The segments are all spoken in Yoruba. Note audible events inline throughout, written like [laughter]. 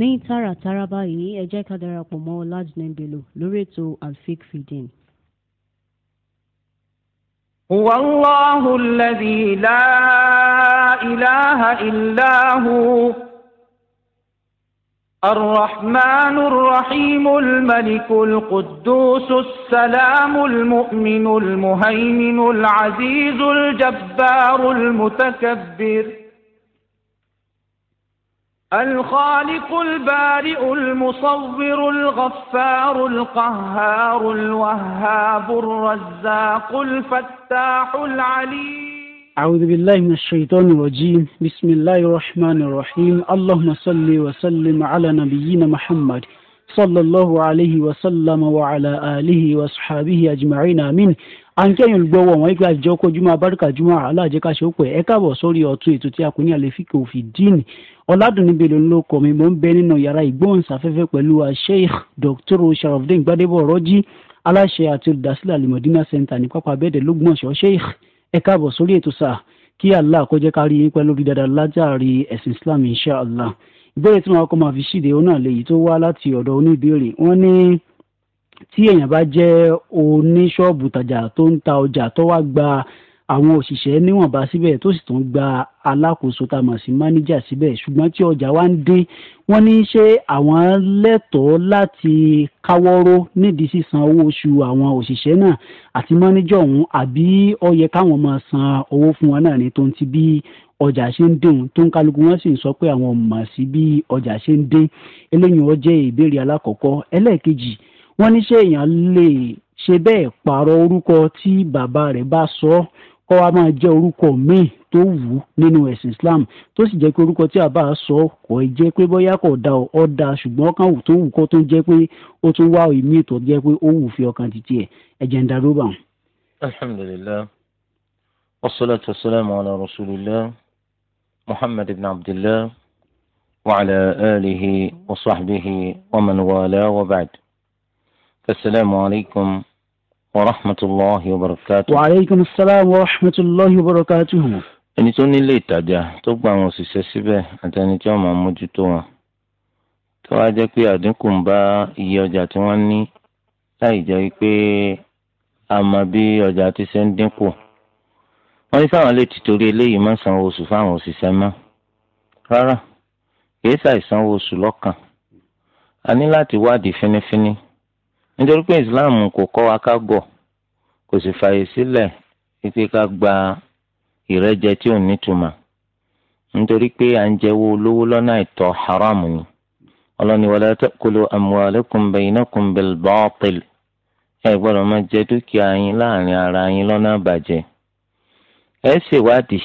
ní tààràtàrà báyìí ẹ jẹ́ ká darapọ̀ mọ́ Ọlájídé Bello lórí ètò alfik fìdín. هو الله الذي لا إله إلا هو الرحمن الرحيم الملك القدوس السلام المؤمن المهيمن العزيز الجبار المتكبر الخالق البارئ المصور الغفار القهار الوهاب الرزاق الفتاح العليم أعوذ بالله من الشيطان الرجيم بسم الله الرحمن الرحيم اللهم صل وسلم على نبينا محمد صلى الله عليه وسلم وعلى آله وصحابه أجمعين آمين à ń kẹ́yìn olùgbọ́wọ́ wọn ìgbà ìjọ kojúmọ́ abárúkàjúmọ́ aláàjẹ́ ká ṣe ó pẹ́ ẹ káàbọ̀ sórí ọ̀tún ètò tí a kò ní àlefíkè òfin díìnì ọ̀làdùnní bèlò ló kọ̀ mí mò ń bẹ nínú yàrá ìgbóhùnsáfẹ́fẹ́ pẹ̀lú Sheikh Dr. Sharafdin Gbadebo Ọ̀rọ̀jì aláṣẹ àti olùdásílẹ̀ alimọ̀dínà center ní pápá abẹ́ẹ̀dẹ̀ lọ́gbọ̀nsọ̀ Sheikh ẹ káàbọ̀ sórí ètò sáà kí Allah kó jẹ́ ká rí yín pẹ́ lórí dáadáa látàrí ẹ̀sìn Islam insha Allah ìbéèrè tí wọn kọ́ máa fi ṣíde ọ náà lèyí tó wá láti ọ̀dọ̀ oníbèrè wọn ní. Ni tí èèyàn bá jẹ́ oníṣọ́ọ̀bù tajà tó ń ta ọjà tó wá gba àwọn òṣìṣẹ́ níwọ̀nba síbẹ̀ tó sì tún gba alákòóso tá a mọ̀ sí máníjà síbẹ̀ ṣùgbọ́n tí ọjà wa ń dé wọ́n ní ṣé àwọn lẹ́tọ̀ọ́ láti káwọ́rọ́ nídìí sísan owó oṣù àwọn òṣìṣẹ́ náà àti máníjà ọ̀hún àbí ó yẹ káwọn máa san owó fún wọn náà ní tó ń ti bí ọjà ṣe ń dùn tó ń kálukú wọn sì ń sọ pé àwọn mọ̀ sí bí ọjà ṣe ń dé eléyìí ó jẹ́ ìbéèrè alákọ̀ọ́kọ́ ẹlẹ́ẹ̀kejì wọ́n ní ṣé èèyàn lè ṣe bẹ́ẹ̀ pààrọ̀ orúkọ tí bàbá rẹ̀ bá sọ ọ́ kọ́ wa máa jẹ́ orúkọ míì tó wù nínú ẹ̀sìn Islam tó sì jẹ́ pé orúkọ tí bàbá sọ kò ì jẹ́ pé bóyá kò da ọ́ da ṣùgbọ́n kan wù tó wù kó tó jẹ́ pé ó tún wá ìmí tó jẹ́ pé ó wù fi ọkàn títí ẹ̀ ẹ̀jẹ̀ ń darú bà. alhamdulilayi wasalaatu wasalaamu ala rasulillah muhammad ibn abdillah wa ala alihi wa sahbihi wa man wala wa ba'd. السلام عليكم ورحمة الله وبركاته وعليكم السلام ورحمة الله وبركاته ẹni tó nílé ìtajà tó gba àwọn òṣìṣẹ́ síbẹ̀ àtẹni tí wọ́n máa mójútó wọn tó wá jẹ́ pé àdínkù ń bá iye ọjà tí wọ́n ní láì jẹ́ pé a mọ bí ọjà ti ṣe ń dínkù wọ́n ní sáwọn lè ti torí eléyìí má sanwó oṣù fáwọn òṣìṣẹ́ mọ́ rárá kì í ṣàìsanwó oṣù lọ́kàn a ní láti wádìí fínífíní. nítorí pé islam kò kọ́ wa ká gọ̀ kò sì fààyè sílẹ̀ ká gba ìrẹ́jẹ tí ò nítumọ̀ nítorí pé à ń jẹ́wọ́ olówó lọ́nà haram ni ọlọ́ni kolo ta'kulu amwalakum bainakum bil batil ẹ gbọ́dọ̀ máa jẹ dúkìá yín láàrin ara yín lọ́nà àbàjẹ́ ẹ ṣèwádìí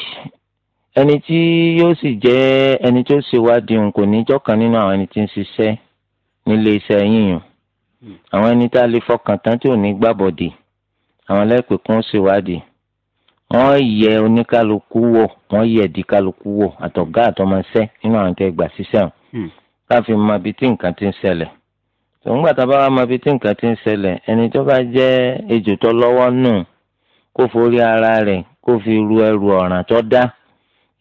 ẹni tí yóò sì jẹ́ ẹni tó ṣèwádìí kò ní jọ́kan nínú àwọn àwọn ẹni tá a lè fọkàn tán tí ò ní gbàbọ̀dè àwọn lẹ́pẹ̀ kún ṣèwádìí wọ́n yẹ oníkálukú wò wọ́n yẹ di kálukú wò àtọ̀gá àtọmọṣẹ́ nínú àwọn tẹ́ gbà síṣẹ́ ọ̀ hmm. káfí mọ ibi tí nǹkan ti ń ṣẹlẹ̀ tòǹgbà tá a bá wà mọ ibi tí nǹkan ti ń ṣẹlẹ̀ ẹni tó bá jẹ́ ejò tó lọ́wọ́ nù kó forí ara rẹ̀ kó fi ru ẹrù ọ̀ràn tó dá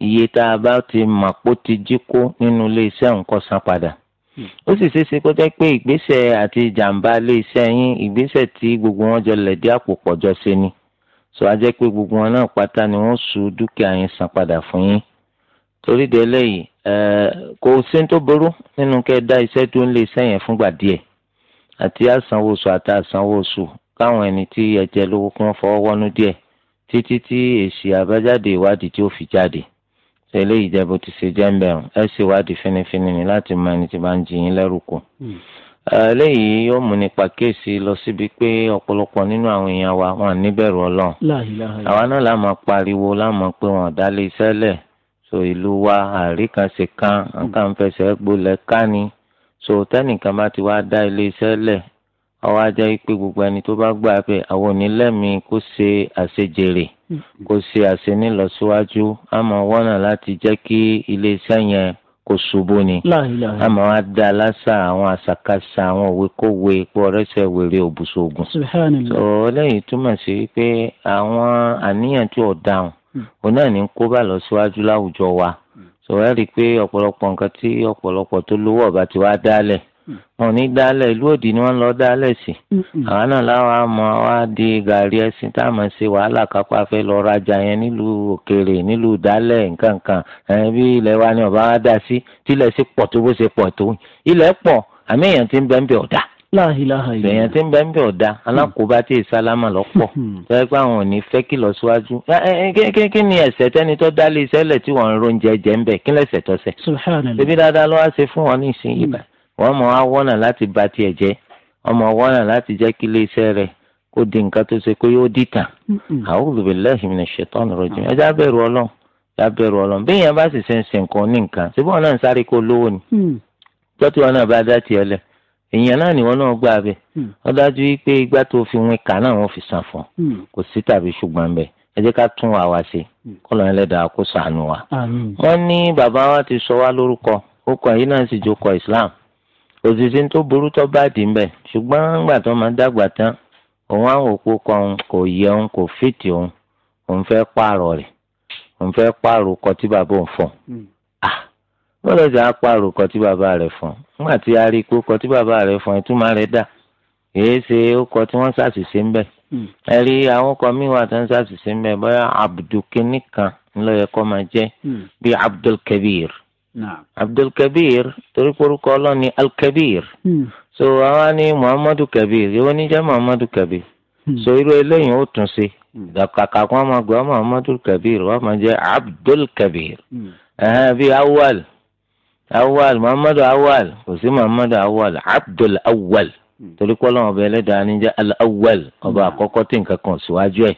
iye tá a bá ti mọ̀ pó ti jí kó nínú ilé nǹkan san padà ó sì ṣeéṣe kó jẹ́ pé ìgbésẹ̀ àti ìjàmbá ilé iṣẹ́ yín ìgbésẹ̀ tí gbogbo wọn jọ lẹ̀dí àpò pọ̀jọ ṣe ni sọ á jẹ́ pé gbogbo wọn náà pátá ni wọ́n su dúkìá yín san padà fún yín torí de eléyìí kò sí tó burú nínú kẹ́ ẹ dá iṣẹ́ tó ń lé iṣẹ́ yẹn fúngbà díẹ̀ àti àsanwó àti àsanwó káwọn ẹni tí ẹ jẹ lówó kí wọ́n fọwọ́ wọ́nú díẹ̀ títí tí èsì àbájáde ìwádìí tí ó fi jáde tẹ̀lé ìjẹ́bù ti ṣe jẹ́ńbẹ̀rún ẹ sì wádìí fínífíní ni láti mọ ẹni tí bá ń jiyín lẹ́rù kù. eléyìí hmm. yóò mú ní pàkíyèsí lọ síbi pé ọ̀pọ̀lọpọ̀ nínú àwọn èèyàn wa wọn níbẹ̀rù ọlọ́run. àwa náà la máa pariwo la pé wọn ọ̀dá lè sẹ́lẹ̀ so ìlú wa àríkànṣe kan nǹkan hmm. fẹsẹ̀ gbolẹ̀ ká ni so tẹ́nìkan bá ti wá dá ilé iṣẹ́ lẹ̀ àwa ajá yìí pé gbogbo ẹni tó bá gbà bẹ́ẹ̀ àwọn onílẹ̀mìí kó ṣe àṣejèrè hmm. kó ṣe àṣenilọsíwájú àmọ́ wọ́nà láti jẹ́ kí iléeṣẹ́ yẹn kò ṣubú ni àmọ́ wá dá lásà àwọn àṣàkáṣà àwọn òwekòwe pé ọ̀rẹ́sẹ̀ wèrè òbùṣogun. sọ lẹ́yìn túmọ̀ sí pé àwọn àníyàn tí ò dáhùn hmm. òun náà ní kó bá lọ síwájú láwùjọ wa hmm. sọ ẹ́ rí i pé ọ̀pọ̀lọpọ̀ nǹkan tí ọ̀pọ̀lọpọ̀ tó lówó ọ̀bá ti wá dálẹ̀ wọn hmm. ò ní dálẹ̀ ìlú òdì ni wọ́n lọ dálẹ̀ sí hmm. àwọn náà láwọn àmọ́ wá di gàrí ẹ̀sìn tá a máa ṣe wàhálà kápá fẹ́ lọ rajà yẹn nílùú òkèèrè nílùú dálẹ̀ nǹkankan ẹ̀yìn bí ilẹ̀ wa ni ọba wa dá sí tílẹ̀ sí pọ̀ tó bó ṣe pọ̀ tó ilẹ̀ pọ̀ àmì èèyàn ti ń bẹ́ ń bẹ́ ọ̀dà èèyàn ti ń bẹ́ ń bẹ́ ọ̀dà hmm. alákòóbá tí ìsálámà lọ́pọ̀ fẹ́ pé àwọn ò ní fẹ́ kí lọ síwájú kí ni ẹ̀ṣẹ̀ tẹ́ni tó dálé iṣẹ́ lẹ̀ tí wọ́n ń ronjẹ jẹ́ ń bẹ̀ kí lẹ́sẹ̀ tọ́sẹ̀ ṣebí dáadáa ló wá ṣe fún wọn ní ìsinyìí báyìí wọ́n mọ̀ á wọ́nà láti ba tiẹ̀ jẹ́ wọ́n mọ̀ wọ́nà láti jẹ́ kí iléeṣẹ́ rẹ̀ kó di nǹkan tó ṣe pé yóò dìtàn a'udhu billahi minash shaitanir rajim ẹja bẹ̀rù ọlọ́run ẹja bẹ̀rù ọlọ́run bí èèyàn bá sì ṣe ń ṣe nǹkan ní nǹkan síbí wọn náà ń sáré kó lówó ni tọ́tù mm. wọn náà bá dá tiẹ̀ lẹ̀ èèyàn náà ni wọn náà gbà bẹ ọ mm. dájú pé ìgbà tó fi wín kà náà wọn fi san fún mm. kò sí tàbí ṣùgbọ́n bẹ́ẹ̀ ẹ jẹ́ ká tún àwa ṣe kọ́lọ́ ẹlẹ́dàá kó ṣàánú wa. wọ́n ní bàbá wa ti sọ wá lórúkọ ó kọ yìí náà sì jókòó Islam. Mm òṣìṣẹ́ tó burú tó bá dì mbẹ̀ ṣùgbọ́n nígbà tó máa dàgbà tán òun àwọn òpó kan kò yẹ òun kò fìtì òun òun fẹ́ pààrọ̀ rẹ̀ òun fẹ́ pààrọ̀ ọkọ tí bàbá òun fọ̀ wọ́n hmm. lọ sí apààrọ̀ ọkọ tí bàbá rẹ̀ fọ̀ nígbà tí a rí i pé ọkọ tí bàbá rẹ̀ fọ̀ ìtumọ̀ rẹ̀ dà èyí ṣe ọkọ tí wọ́n ṣàṣìṣe ń bẹ̀ hmm. ẹ rí àwọn ọkọ míì wà tó ń ṣàṣìṣe ń bẹ̀ bóyá abdulkini kan ńlọ yẹ kó máa jẹ́ hmm. bíi abdulkabir نعم عبد الكبير تريكور كولوني الكبير سو اواني محمد كبير يوني جا محمد كبير سو يرو الين اوتنسي دا كاكا كوما محمد الكبير وما جا عبد الكبير اها في اول اول محمد اول وسي محمد اول عبد الاول Hmm. torí kọ́ lọ́wọ́ bẹ́ẹ̀ lẹ́dàá ní jẹ́ al-awwal ọba hmm. àkọ́kọ́ tí nǹkan kan síwájú ẹ̀.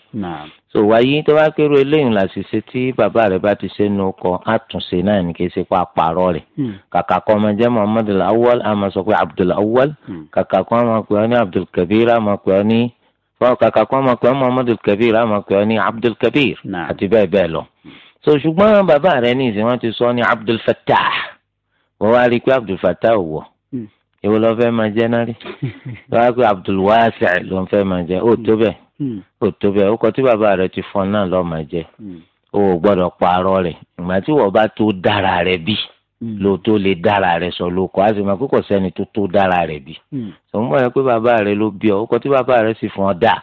so wáyé tó bá kérò eléyìí làṣìṣe tí bàbá rẹ̀ bá ti ṣe nu kọ àtúnṣe náà ní kìí ṣe pa àpàrọ̀ rẹ̀. Hmm. kàkà kan máa jẹ́ muhammadu al a máa sọ pé abdul awwal kàkà kan máa pè ọ́ ní abdul kabir a máa pè ọ́ ní kàkà kan máa pè ọ́ muhammadu kabir a máa pè ọ́ ní abdul kabir àti bẹ́ẹ̀ bẹ́ẹ̀ lọ. so ṣùgbọ́n bàbá rẹ̀ ní ìsìn wọn ti sọ ní abdul Fatah, wọ́n wá abdul fattah ò èwo ló fẹ́ máa jẹ́ náà rí lọ́wọ́ [laughs] pé abdulwasi ló ń fẹ́ máa jẹ́ ó tó bẹ́ẹ̀ hmm. Hmm. ó tó bẹ́ẹ̀ ó kọ tí bàbá rẹ ti fọ́n náà lọ́ọ́ máa jẹ́ ó hmm. gbọ́dọ̀ parọ́ rẹ̀ ìgbà tí wọ́n bá tó dára rẹ̀ bí ló tó lè dára rẹ̀ sọ ló kọ́ àti màá kókò sẹ́ni tó tó dára rẹ̀ bí sọmọ́ yẹn pé bàbá rẹ ló bí ọ ó kọ tí bàbá rẹ sì fún ọ dà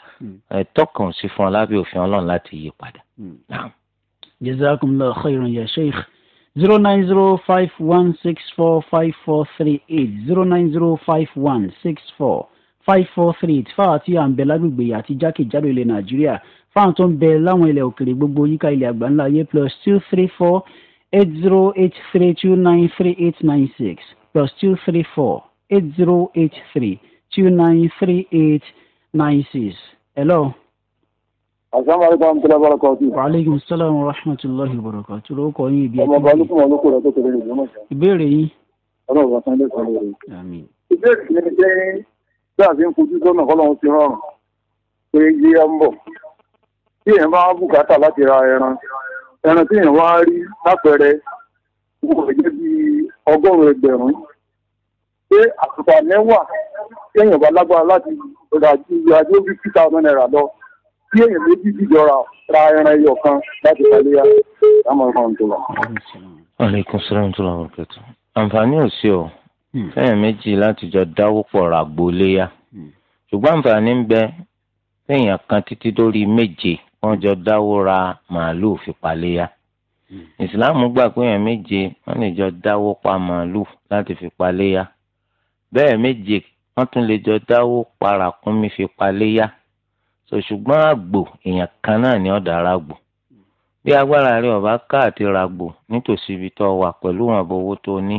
ẹ̀tọ́ kan sì fún òfin ọlọ́run láti yí padà. jazakumullahu khairan ya sheikh zero nine zero five one six four five four three eight zero nine zero five one six four five four three eight fáwọn tí à ń bẹ lágbègbè àti jákèjádò ilẹ̀ nàìjíríà fáwọn tó ń bẹ láwọn ilẹ̀ òkèrè gbogbo yíká ilẹ̀ àgbáńlá ayé plus two three four eight zero eight three two nine three eight nine six plus two three four eight zero eight three two nine three eight nine six hello asalaamualeykum amutala barakatu. waaleykum salaam wa rahmatulahi wa barakatu. ló kọ́ yín ibi ẹ̀jẹ̀. ọmọ balu kúmọ̀ ló kó rẹ̀ tó kéré lè lọ́mọ. ìbéèrè yín. ọlọ́run bá sáré sọ lórí. ìbéèrè mi ni pé bí a fi ń fojú sọ́nà kọ́lọ́run ti rọrùn pé yé ẹ ń bọ̀. tí èèyàn bá bùkátà láti ra ẹran ẹran tí èèyàn wá rí lápẹẹrẹ kúkú rẹ̀ jẹ́ bí ọgọ́rùn-ún ẹgbẹ̀rún pé àtùpà mẹ́wàá tí èèyàn bá lágbára láti rà ju ìyá tó bí two thousand naira lọ bí èèyàn méjì dìjọ ra ra ẹran ẹyọ kan láti pàlẹ́yà láwọn ọ̀rọ̀ tó lọ. aleykum salaam tó lọ́wọ́ kẹtù. àǹfààní ò sí o hmm. fẹ́yàn méjì láti jọ dáwó pọ̀ ra gboléyà hmm. ṣùgbọ́n àǹfààní ń bẹ fẹ́yàn kan títí dórí méje wọ́n jọ dáwó ra màálùú fi pàlẹ́yà hmm. ìsìláàmù gbà pé èèyàn méje wọ́n lè jọ dáwó pa màálùú láti fi paléyà bẹ́ẹ̀ méje wọ́n tún lè jọ dáwó pa ràkúnmí fi paléyà ṣùgbọ́n àgbò èèyàn kan náà ni ọ̀dà ara bí agbára rẹ ọba ká àti ràgbò nítòsí ibi tó wà pẹ̀lú ìwọ̀nba owó tó ní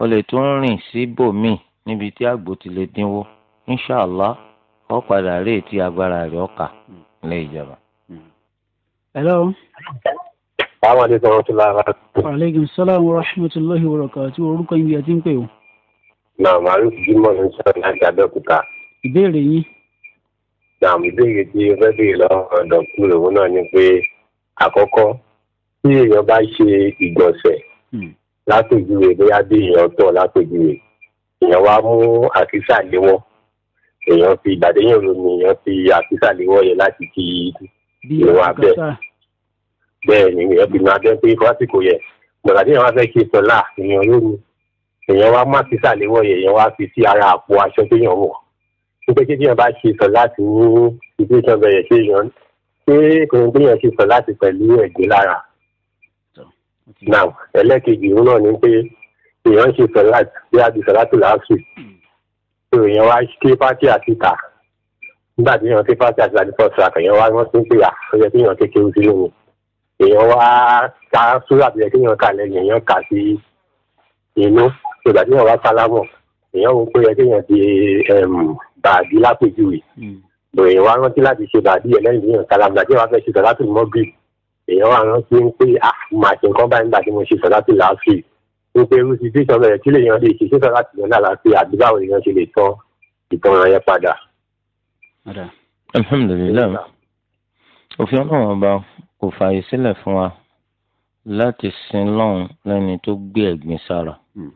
o lè tún rìn n'ibiti níbi tí àgbò ti lè dínwó inshàlá ọ padà rí ètí agbára rẹ ọkà lé hello. àwọn àdéhùn ọ̀rọ̀ ti lára. aleykum salaam wa rahmatulahi wa barakatuh orúkọ yín bí ẹ ti ń pè o. ní ìbéèrè náà ìbéèrè tí o fẹ́ béèrè lọ́wọ́ dọ̀kú lòun náà ni pé àkọ́kọ́ tí èèyàn bá ṣe ìgbọ̀nsẹ̀ hmm. látòjúwe bóyá bí èèyàn tọ̀ látòjúwe èèyàn wá mú àkísà léwọ́ èèyàn fi ìgbàdéyàn lómi èèyàn fi àkísà léwọ́ yẹn láti kí ìwọ̀n abẹ́ bẹ́ẹ̀ ni èèyàn fi máa bẹ́ pé fásitì yẹ gbọ̀dàdé yẹn wá fẹ́ ṣe sọ́lá èèyàn lóru èèyàn wá mú àkísà léwọ́ yẹn èèyàn wá fi sí ara àpò aṣọ ṣùgbọ́n kí èèyàn bá ṣe sọ láti ní ibi ìtàn bẹ̀rẹ̀ sí èèyàn ṣé kò ní bí èèyàn ṣe sọ láti pẹ̀lú ẹ̀gbẹ́ lára. now ẹlẹ́kejì òun náà ni pé èèyàn ṣe sọ láti bí a ti sọ láti làásù tó èèyàn wá ké pátí àti tà nígbà tí èèyàn ké pátí àti tàbí fọ́ọ̀sì àkànyàn wá wọ́n ti ń pè à ó yẹ kí èèyàn kékeré sí lóhùn èèyàn wá ká sórí àtìyẹ kí èèyàn kà lẹ́yìn èèyàn kà sí inú ìgbà tí èèyàn wá sálámọ̀ èèyàn wò pé yẹ ti bàdí lápèjúwe lòyìn hmm. wa rántí láti ṣe bàdí ẹlẹ́yìn ní ọ̀kadà gbàdí wa fẹ́ ṣe sọ̀dátù mọ́gì èèyàn wa rántí ń pé ah, màá ṣe nǹkan báyìí nígbà tí mo ṣe sọ̀dátù láàfin ń pé irú títí ìṣọ̀rọ̀ ẹ̀ kí lèèyàn lè ṣe sọ̀dátù yẹn láàfin àbí báwo lèèyàn ṣe lè tán ìtàn yẹn padà. alhamdulilayi òfin ọlọ́run ọba kò fààyè sílẹ̀ fún wa láti sin lọ́run lẹ́ni tó gbé ẹ̀gbin sára hmm.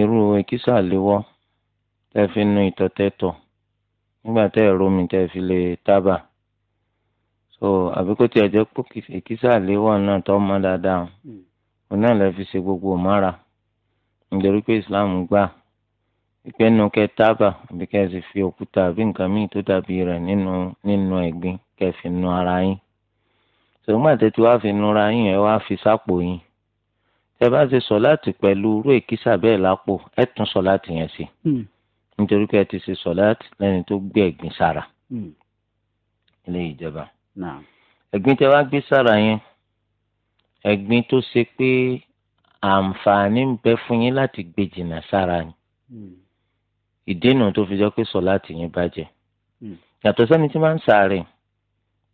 irú ekisa àléwọ́ tẹ́ fi nu ìtọ̀ tẹ́ tọ̀ nígbà tẹ́ ẹ̀rọ mi tẹ́ fi lè tábà so àbí kó tiẹ̀ jẹ́ pé èkìsà léwọ̀ náà tọ́ mọ́ dáadáa òun náà lè fi ṣe gbogbo òmára nítorí pé Islam gbà ìpẹ́ nu kẹ́ tábà àbí kẹ́ sì fi òkúta àbí nǹkan míì tó dàbí rẹ̀ nínú nínú ẹ̀gbin kẹ́ fi nu ara yín sọgbọn àtẹtí wàá fi nura yín ẹ wàá fi sápò yín tẹ bá ti sọ láti pẹ̀lú irú èkìsà bẹ́ẹ̀ lápò ẹ tún sọ láti yẹn sí nítorí pé ẹ ti ṣe sọ̀láàtì lẹ́ni tó gbé ẹ̀gbin sára ilé hmm. ìjọba. ẹ̀gbin tẹ wá gbé sára yẹn ẹ̀gbin tó ṣe pé àǹfààní ń bẹ fún yín láti gbé jìnnà sára ni hmm. ìdènà tó fi jọ pé sọ̀láàtì yín bàjẹ́ hmm. yàtọ̀ sẹ́ni tí máa ń ṣàárẹ̀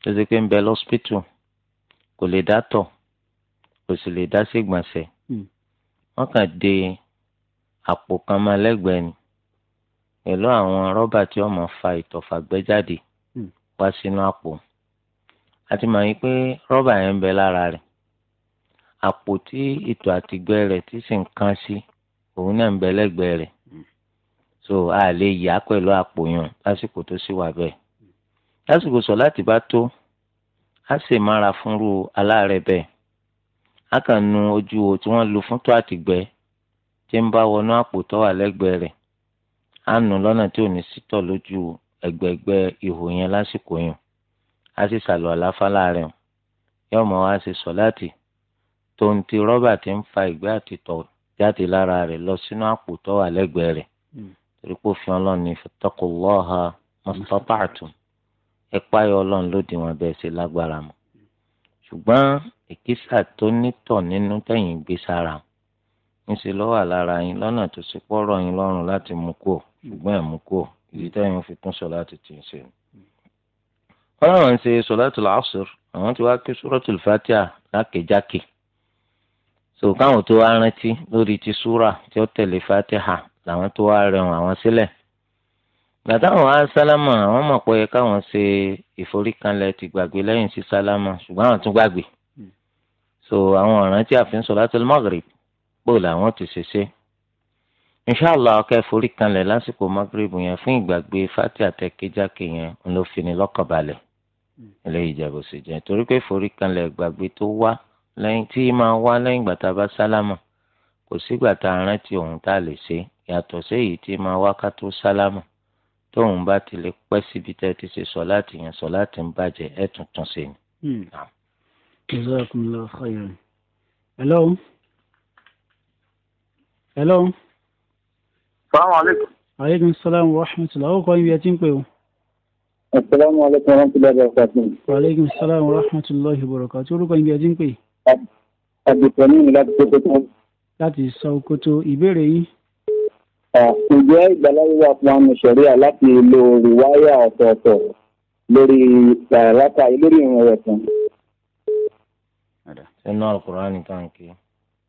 tó ṣe pé ń bẹ lọ́spítù kò lè dá tọ̀ kò sì lè dá ṣègbọ̀nsẹ̀ wọ́n kàn dé àpò kan máa lẹ́gbẹ̀ẹ́ ni pẹ̀lú àwọn rọ́bà tí ọmọ fa ìtọ̀fàgbẹ́ jáde hmm. wá sínú àpò a ti mọ̀ yín pé rọ́bà yẹn ń bẹ lára rẹ̀ àpò tí ìtọ̀ àtìgbẹ́ rẹ̀ ti sì ń kan sí òun náà ń bẹ lẹ́gbẹ̀ẹ́ rẹ̀ hmm. so a lè yà á pẹ̀lú àpò yàn lásìkò tó sì wà bẹ́ẹ̀ lásìkò sọ láti bá tó a sì mára fúnru aláàárẹ̀ bẹ́ẹ̀ a kàn nu ojú o tí wọ́n lu fún tó àtìgbẹ́ tí ń bá wọnú àpò tó wà lẹ́gbẹ̀ẹ́ rẹ̀ Anu nù lọ́nà tí ò ní sítọ̀ lójú ẹgbẹ̀ẹ̀gbẹ́ ihò yẹn lásìkò yẹn á sì sàlọ̀ àláfálà rẹ̀ hàn yóò mọ̀ wá sí sọ̀láàtì tó ń ti rọ́bà tí ń fa ìgbẹ́ àtìtọ̀ jáde lára rẹ̀ lọ sínú àpò tó wà lẹ́gbẹ̀ẹ́ rẹ̀ hmm. torí pé òfin ọlọ́run ní fattaqullaha mastata'tum ẹ páyọ ọlọ́run ló bẹ́ẹ̀ ṣe lágbára mọ́ ṣùgbọ́n ìkísà tó nítọ̀ nínú tẹ̀yìn gbé sára ń ṣe lọ́wọ́ lára yín lọ́nà tó ṣe pọ́rọ̀ yín lọ́rùn láti mú kú ọ́ ṣùgbọ́n àmúkò ìdí táyà fi kún sọlá ti tì í ṣe. wọ́n náà ń ṣe sọláàtù làásùr àwọn tí wàá ké sọ́rọ́tù fatiha lákèjákè so káwọn tó wá rántí lórí ti súrà tí ó tẹ̀lé fatiha làwọn tó wá rẹ̀wọ̀n àwọn sílẹ̀ gbàtàwọn á sálámà àwọn mọ̀ pé káwọn ṣe ìforíkanlẹ̀ ti gbàgbé lẹ́yìn sí sálámà ṣùgbọ́n àwọn tún gbàgbé hmm. so àwọn ọ̀ràn tí a fi ń sọláàtù maghrib làwọn ti ṣe ṣe inshàlá ọkẹ́ forí kanlẹ̀ lásìkò magreb yẹn fún ìgbàgbé fati àtẹkéjáke yẹn ń lọ fi ni lọ́kàn balẹ̀ eléyìí ìjàgbọ́ sì jẹ́ torí pé forí kanlẹ̀ ìgbàgbé tó wá lẹ́yìn tí máa wá lẹ́yìn gbàtà bá sálámà kò sígbà tá a rántí ohun tá a lè ṣe yàtọ̀ séyìí tí máa wá ká tó sálámà tóun bá ti lè pẹ́ síbi tẹ́ ti ṣe sọ láti yẹn sọ láti ń bàjẹ́ ẹ̀ tuntun ṣe ni. Hmm. Hello. Hello. Assalamu alaikum. aleykum salaam wa rahmatulah ó kọ́ ibi ẹ ti ń pè o. asalaamu aleykum wa rahmatulah barakatu. aleykum salaam wa rahmatulah barakatu orúkọ ibi ẹ ti ń pè. àbùkù ní láti Sókótó. láti Sókótó ìbéèrè yín. ǹjẹ́ ìgbàláyé wà fún àwọn ìṣẹ̀ríà láti lo rìwáyà ọ̀tọ̀ọ̀tọ̀ lórí ràràtà lórí ìrìn rẹ̀ kan? nínú alukur'an nìkan kí.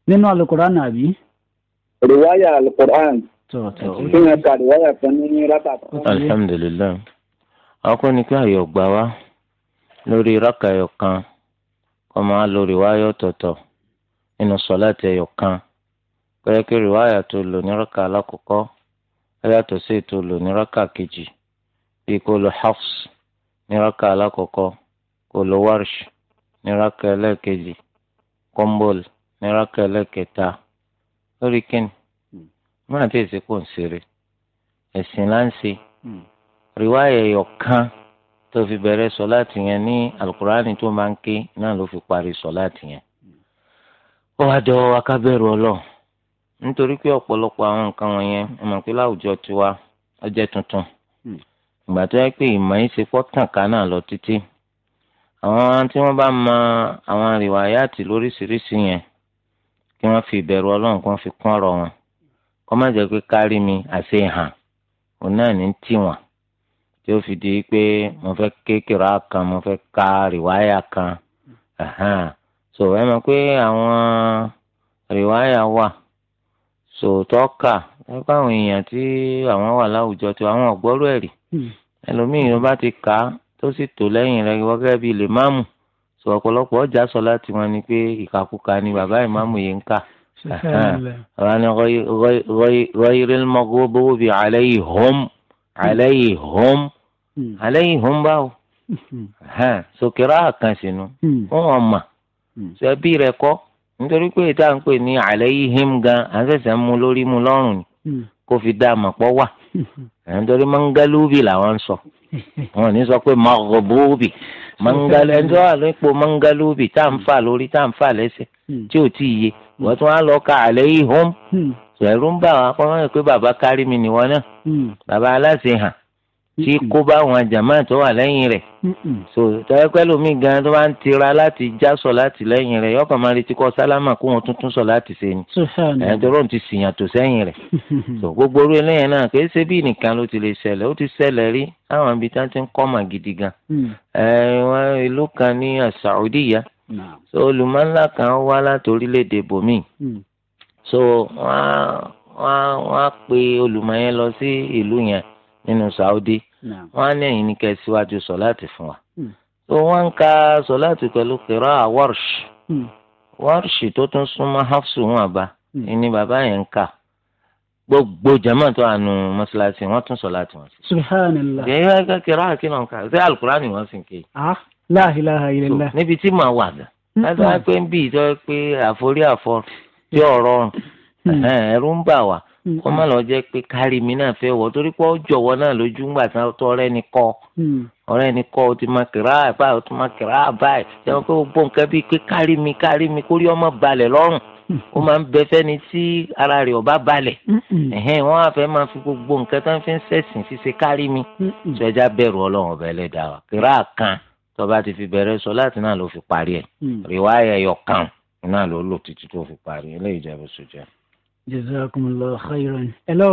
nínú alukur'an àbí. rìwáyà alukur'an alhamdulilayi akọ́ ni pé ayọ̀ gbà wá lórí raka ẹyọ kan kọ́ máa lo rìwáyà ọ̀tọ̀ọ̀tọ̀ nínú sọ̀láàtì ẹyọ kan pẹ́ẹ́ kí rìwáyà tó lò ní rákà alákọ̀ọ́kọ́ ẹ̀yàtọ̀ sí ètò lò ní rákà kejì bíi kó lo hafs ní rákà alákọ̀ọ́kọ́ kó lo warsh ní rákà ẹlẹ́ẹ̀kejì kọ́mbọ́l ní rákà ẹlẹ́ẹ̀kẹta lórí kíni wọn àti èsì kò ń ṣeré ẹ̀sìn là ń ṣe hmm. tó fi bẹ̀rẹ̀ láti yẹn ní alukurani tó máa ń ké náà ló fi parí sọ̀láàtì yẹn. ó wá dọ̀ akábẹ́rù nítorí pé ọ̀pọ̀lọpọ̀ àwọn nǹkan wọ̀nyẹn ọmọ tiwa tuntun hmm. ìgbà tó yẹ pé ìmọ̀ yìí ṣe náà lọ títí àwọn tí wọ́n bá mọ àwọn yáàtì lóríṣiríṣi kọ́má jẹ́ pé kárí mi àṣehàn òun náà ní tiwọn tí ó fi di pé mo fẹ́ kékeré kan mo fẹ́ ka rìwáyà kan so ẹ mọ̀ pé àwọn rìwáyà wà so tọ́ka nípa àwọn èèyàn tí àwọn wà láwùjọ tí àwọn ọ̀gbọ́rú ẹ̀ rí hmm. ẹlòmíì ló bá ti kà á tó sì tò lẹ́yìn rẹ̀ gẹ́gẹ́ bíi lè máàmù so ọ̀pọ̀lọpọ̀ ọjà sọ láti wọn ni pé ìkàkùkà ni bàbá ìmáàmù yìí ń kà. يعني غير غير غير المغضوب عليهم عليهم عليهم báwo hmm. sokera kan sínú wọn ò mà hmm. sẹbi rẹ kọ nítorí pé ìta ń pè ní àlẹyìhìm gan àṣẹṣẹ ń mu lórí mu lọ́rùn ni hmm. kó fi dá àmọ pọ wà nítorí mangalubi làwọn sọ [laughs] wọn ní sọ pé magobobi mangalubi ẹni tó wà lóko mangalubi tá à ń fà lórí tá à ń fà lẹ́sẹ̀. Hmm. tí ò tí ì yé hmm. wọ́n tún wá lọ ka àlẹ́ yìí hóm hmm. ẹ̀rú ń bà wá pọ́n mọ́ pé bàbá kárí mi nìwọ náà bàbá aláṣẹ hàn tí kó bá wọn jàmáà tó wà lẹ́yìn rẹ̀ so tọ́yọ́ pẹ́lú mi gan tó bá ń tira láti já sọ láti lẹ́yìn rẹ̀ yọkàn máa retí kọ́ sálámà kó wọn tuntun sọ láti ṣe ni ẹ̀yìn tó ti sìyàn tó sẹ́yìn rẹ̀ so gbogbo orí ẹlẹ́yìn náà kì í ṣe bí nìkan ló ti lè ṣẹlẹ̀ ó ti ṣẹlẹ̀ rí àwọn ibi tí wọ́n ti ń kọ́ mà gidi gan ìlú kan ní Saudiya so olùmọ̀ ńlá kan wá láti orílẹ̀-èdè bòmí hmm. so wọ́n á pe olùmọ̀ yẹn lọ sí ìlú yẹn nínú Saudi wọ́n á ní ẹ̀yin ní kẹ́ síwájú sọ láti fún wa hmm. so wọ́n ń ka sọ láti pẹ̀lú kẹrọ àwọ̀rṣ wọ́rṣ tó tún súnmọ́ hafsu wọn àbá hmm. ni bàbá yẹn ń kà gbogbo jama tó àánú mọ́ṣáláṣí wọ́n tún sọ láti wọ́n sí. subhanallah. yẹ́n yẹ́n kẹ́kẹ́ rà kí náà ń kà ṣé alukurani wọ́n sì ń ké láàhìláhà ilẹ̀ ńlá. níbi tí màá wà gà láti wá pé ń bì í tọ́ pé àforí àfọ tí ọ̀rọ̀ ẹ̀rù ń bà wá kọ́ má lọ jẹ́ pé kárí mi náà fẹ́ wọ̀ torí pé ó jọ̀wọ́ náà lójú ńgbà tó ọ̀rẹ́ ni kọ́ mm. ọ̀rẹ́ ni kọ́ ọ ti máa kẹ̀rá báyìí ọ ti máa kẹ̀rá báyìí jẹ́wọ́n pé gbogbo nǹkan bíi pé kárí mi kárí mi kórí ọmọ balẹ̀ lọ́rùn ó máa ń bẹ fẹ́ni tí ara rẹ̀ ọba balẹ̀ wọ́n á fẹ́ máa fi gbogbo nǹkan tó ń fi ń ṣẹ̀sìn fi ṣe kárí mi ṣọjá bẹ̀rù ọlọ́run ọba ẹlẹ́dàá wa kẹ̀rá tó bá ti fi bẹ̀rẹ̀ sọ láti náà ló fi parí ẹ̀ hmm. rìwáyà ẹ̀yọkàn náà ló lò títí tó fi parí eléyìí jẹ́ bó ṣe jẹ́. jazakumullahu khairan. hello.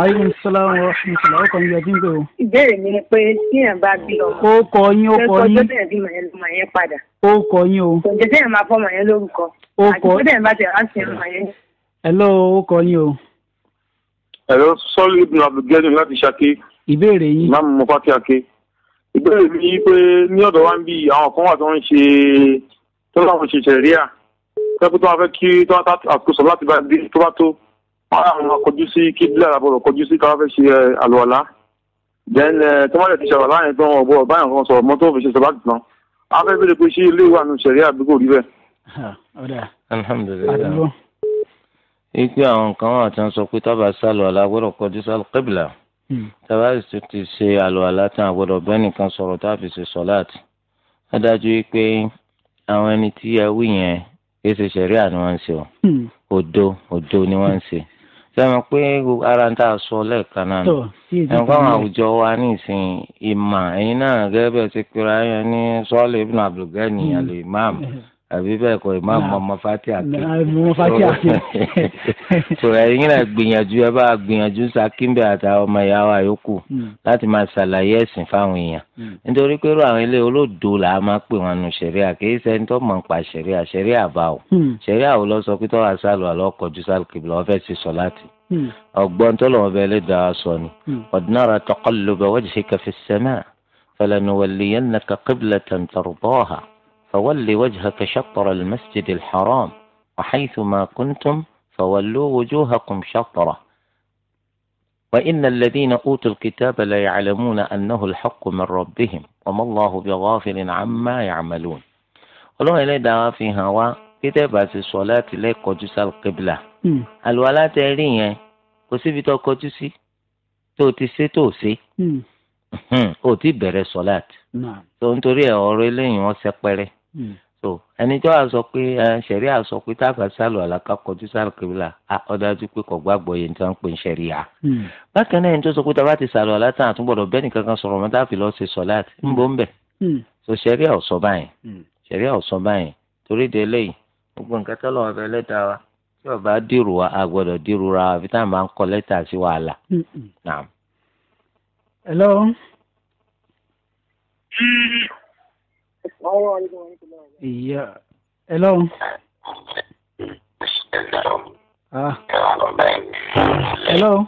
aleykum salaam wa rahmatulah ọkọ mi yọjú pé o. ìbéèrè mi ni pé tí èèyàn bá bí ọmọ. ó kọ yín ó kọ yín. lẹ́kọ̀ọ́ tó tẹ̀lé bí màá yẹn padà. ó kọ yín o. kò jẹ́ sẹ́yìn máa fọ́ màá yẹn lórúkọ. ó kọ àti tó tẹ̀lé bá tẹ̀lé láti yẹn màá yẹn. hello ó kọ yín o. ẹ̀rọ sọ́ọ́lì ibùdó abdulgani láti ṣàkí ìbéèrè yín. máa mú fákì àké ìbéèrè mi yí pé ní ọ̀dọ̀ wa ń bí àwọn kan wà tó ń ṣe tó bá wọn ṣe ṣẹ̀ríà pẹ́pẹ́ tó bá fẹ́ kí tó bá àkókò sọ láti bá dé tó bá tó wọn àwọn akọjú sí kíbílà àbọ̀rọ̀ kọjú sí káwá fẹ́ ṣe àlùwàlá then tó bá lè fi ṣàwàlá yẹn tán ọ̀bọ̀ báyọ̀ kan sọ̀rọ̀ mọ́ tó fi ṣe sọ̀rọ̀ láti tán a fẹ́ bèrè pé ṣé ilé ìwà nu ṣẹ̀ríà àdúgbò rí bẹ́ẹ̀. alhamdulilayi. ikú àwọn kan wà tí wọ́n sọ pé tábà sálọ alágbọ́dọ̀ kọjú sálọ kébìlà. Hmm. tàbáyé tó ti ṣe àlùwàlá tán àgbọ̀dọ̀ bẹ́ẹ̀ nìkan sọ̀rọ̀ tá a fi ṣe sọ̀láàtì adájú pé àwọn ẹni tí ẹ wí yẹn kì í ṣe ṣẹ̀ríà ni wọ́n ń ṣe o Odo hmm. odo ni wọ́n ń ṣe sẹ́wọ̀n pé ara ń tà sọ lẹ́ẹ̀kan náà ni ẹ̀kọ́ àwọn àwùjọ wa ní ìsìn ìmọ̀ ẹ̀yin náà gẹ́gẹ́ bẹ́ẹ̀ ti pera ẹ̀yẹn ní sọ́ọ̀lì ibn abdulgani alimami hmm àbí bẹ́ẹ̀ kọ́ ìmáà mọ ọmọ fati àti. ọmọ fati àti. sọ̀rọ̀ ẹ̀yin náà gbìyànjú ẹ bá gbìyànjú sakínbẹ̀ àtàwọn ọmọ ìyá wa yòókù hmm. láti máa ṣàlàyé ẹ̀sìn fáwọn èèyàn. Hmm. nítorí pé irú àwọn ilé olódo là á máa pè wọn nu ṣẹ̀ríà kì í ṣẹni tó mọ̀ ń pa ṣẹ̀ríà ṣẹ̀ríà bá o. Hmm. ṣẹ̀ríà ò lọ sọ pé tọ́wọ́ àṣàlù àlọ́kọ̀jú sálùkìbìlà ọ ọgbọ́n sọ ni ọ̀dínàrà tọkọlùbẹ̀ wọ́n فول وجهك شطر المسجد الحرام وحيثما كنتم فولوا وجوهكم شطره وان الذين اوتوا الكتاب ليعلمون انه الحق من ربهم وما الله بغافل عما يعملون ولو الي في هوا كتاب الصلاه لي قدس القبله الولاة الينيه كسي في توكوتسي توتسي توسي [laughs] او تي بري صلاه نعم تو انتري اوري لين Hmm. so ẹni tó a sọ pé ṣẹ̀rí a sọ pé tá a bá sálọ àlàkà kọjú sálọ kébìlà ó dájú pé kò gbàgbọ́ yẹn tí wọ́n ń pè ń ṣẹ̀rí a. Hmm. bákan náà ẹni tó sọ pé tá a bá ti sálọ àlátàn àtúngbọ̀dọ̀ bẹ́ẹ̀ni kankan sọ̀rọ̀ mọ́ tá a fi lọ́ọ́ ṣe sọ̀láàtì ń bọ́ ń bẹ̀. Hmm. so ṣẹ̀rí a ò sọ báyìí ṣẹ̀rí a ò sọ báyìí torí de eléyìí gbogbo nǹkan tó lọ́wọ́ bẹ lẹ́tà wa tí ò bá dìrù wa a gbọ́dọ̀ dìrù ra wa fi hello ìyá hello? lọ́hùn. Ah. hello.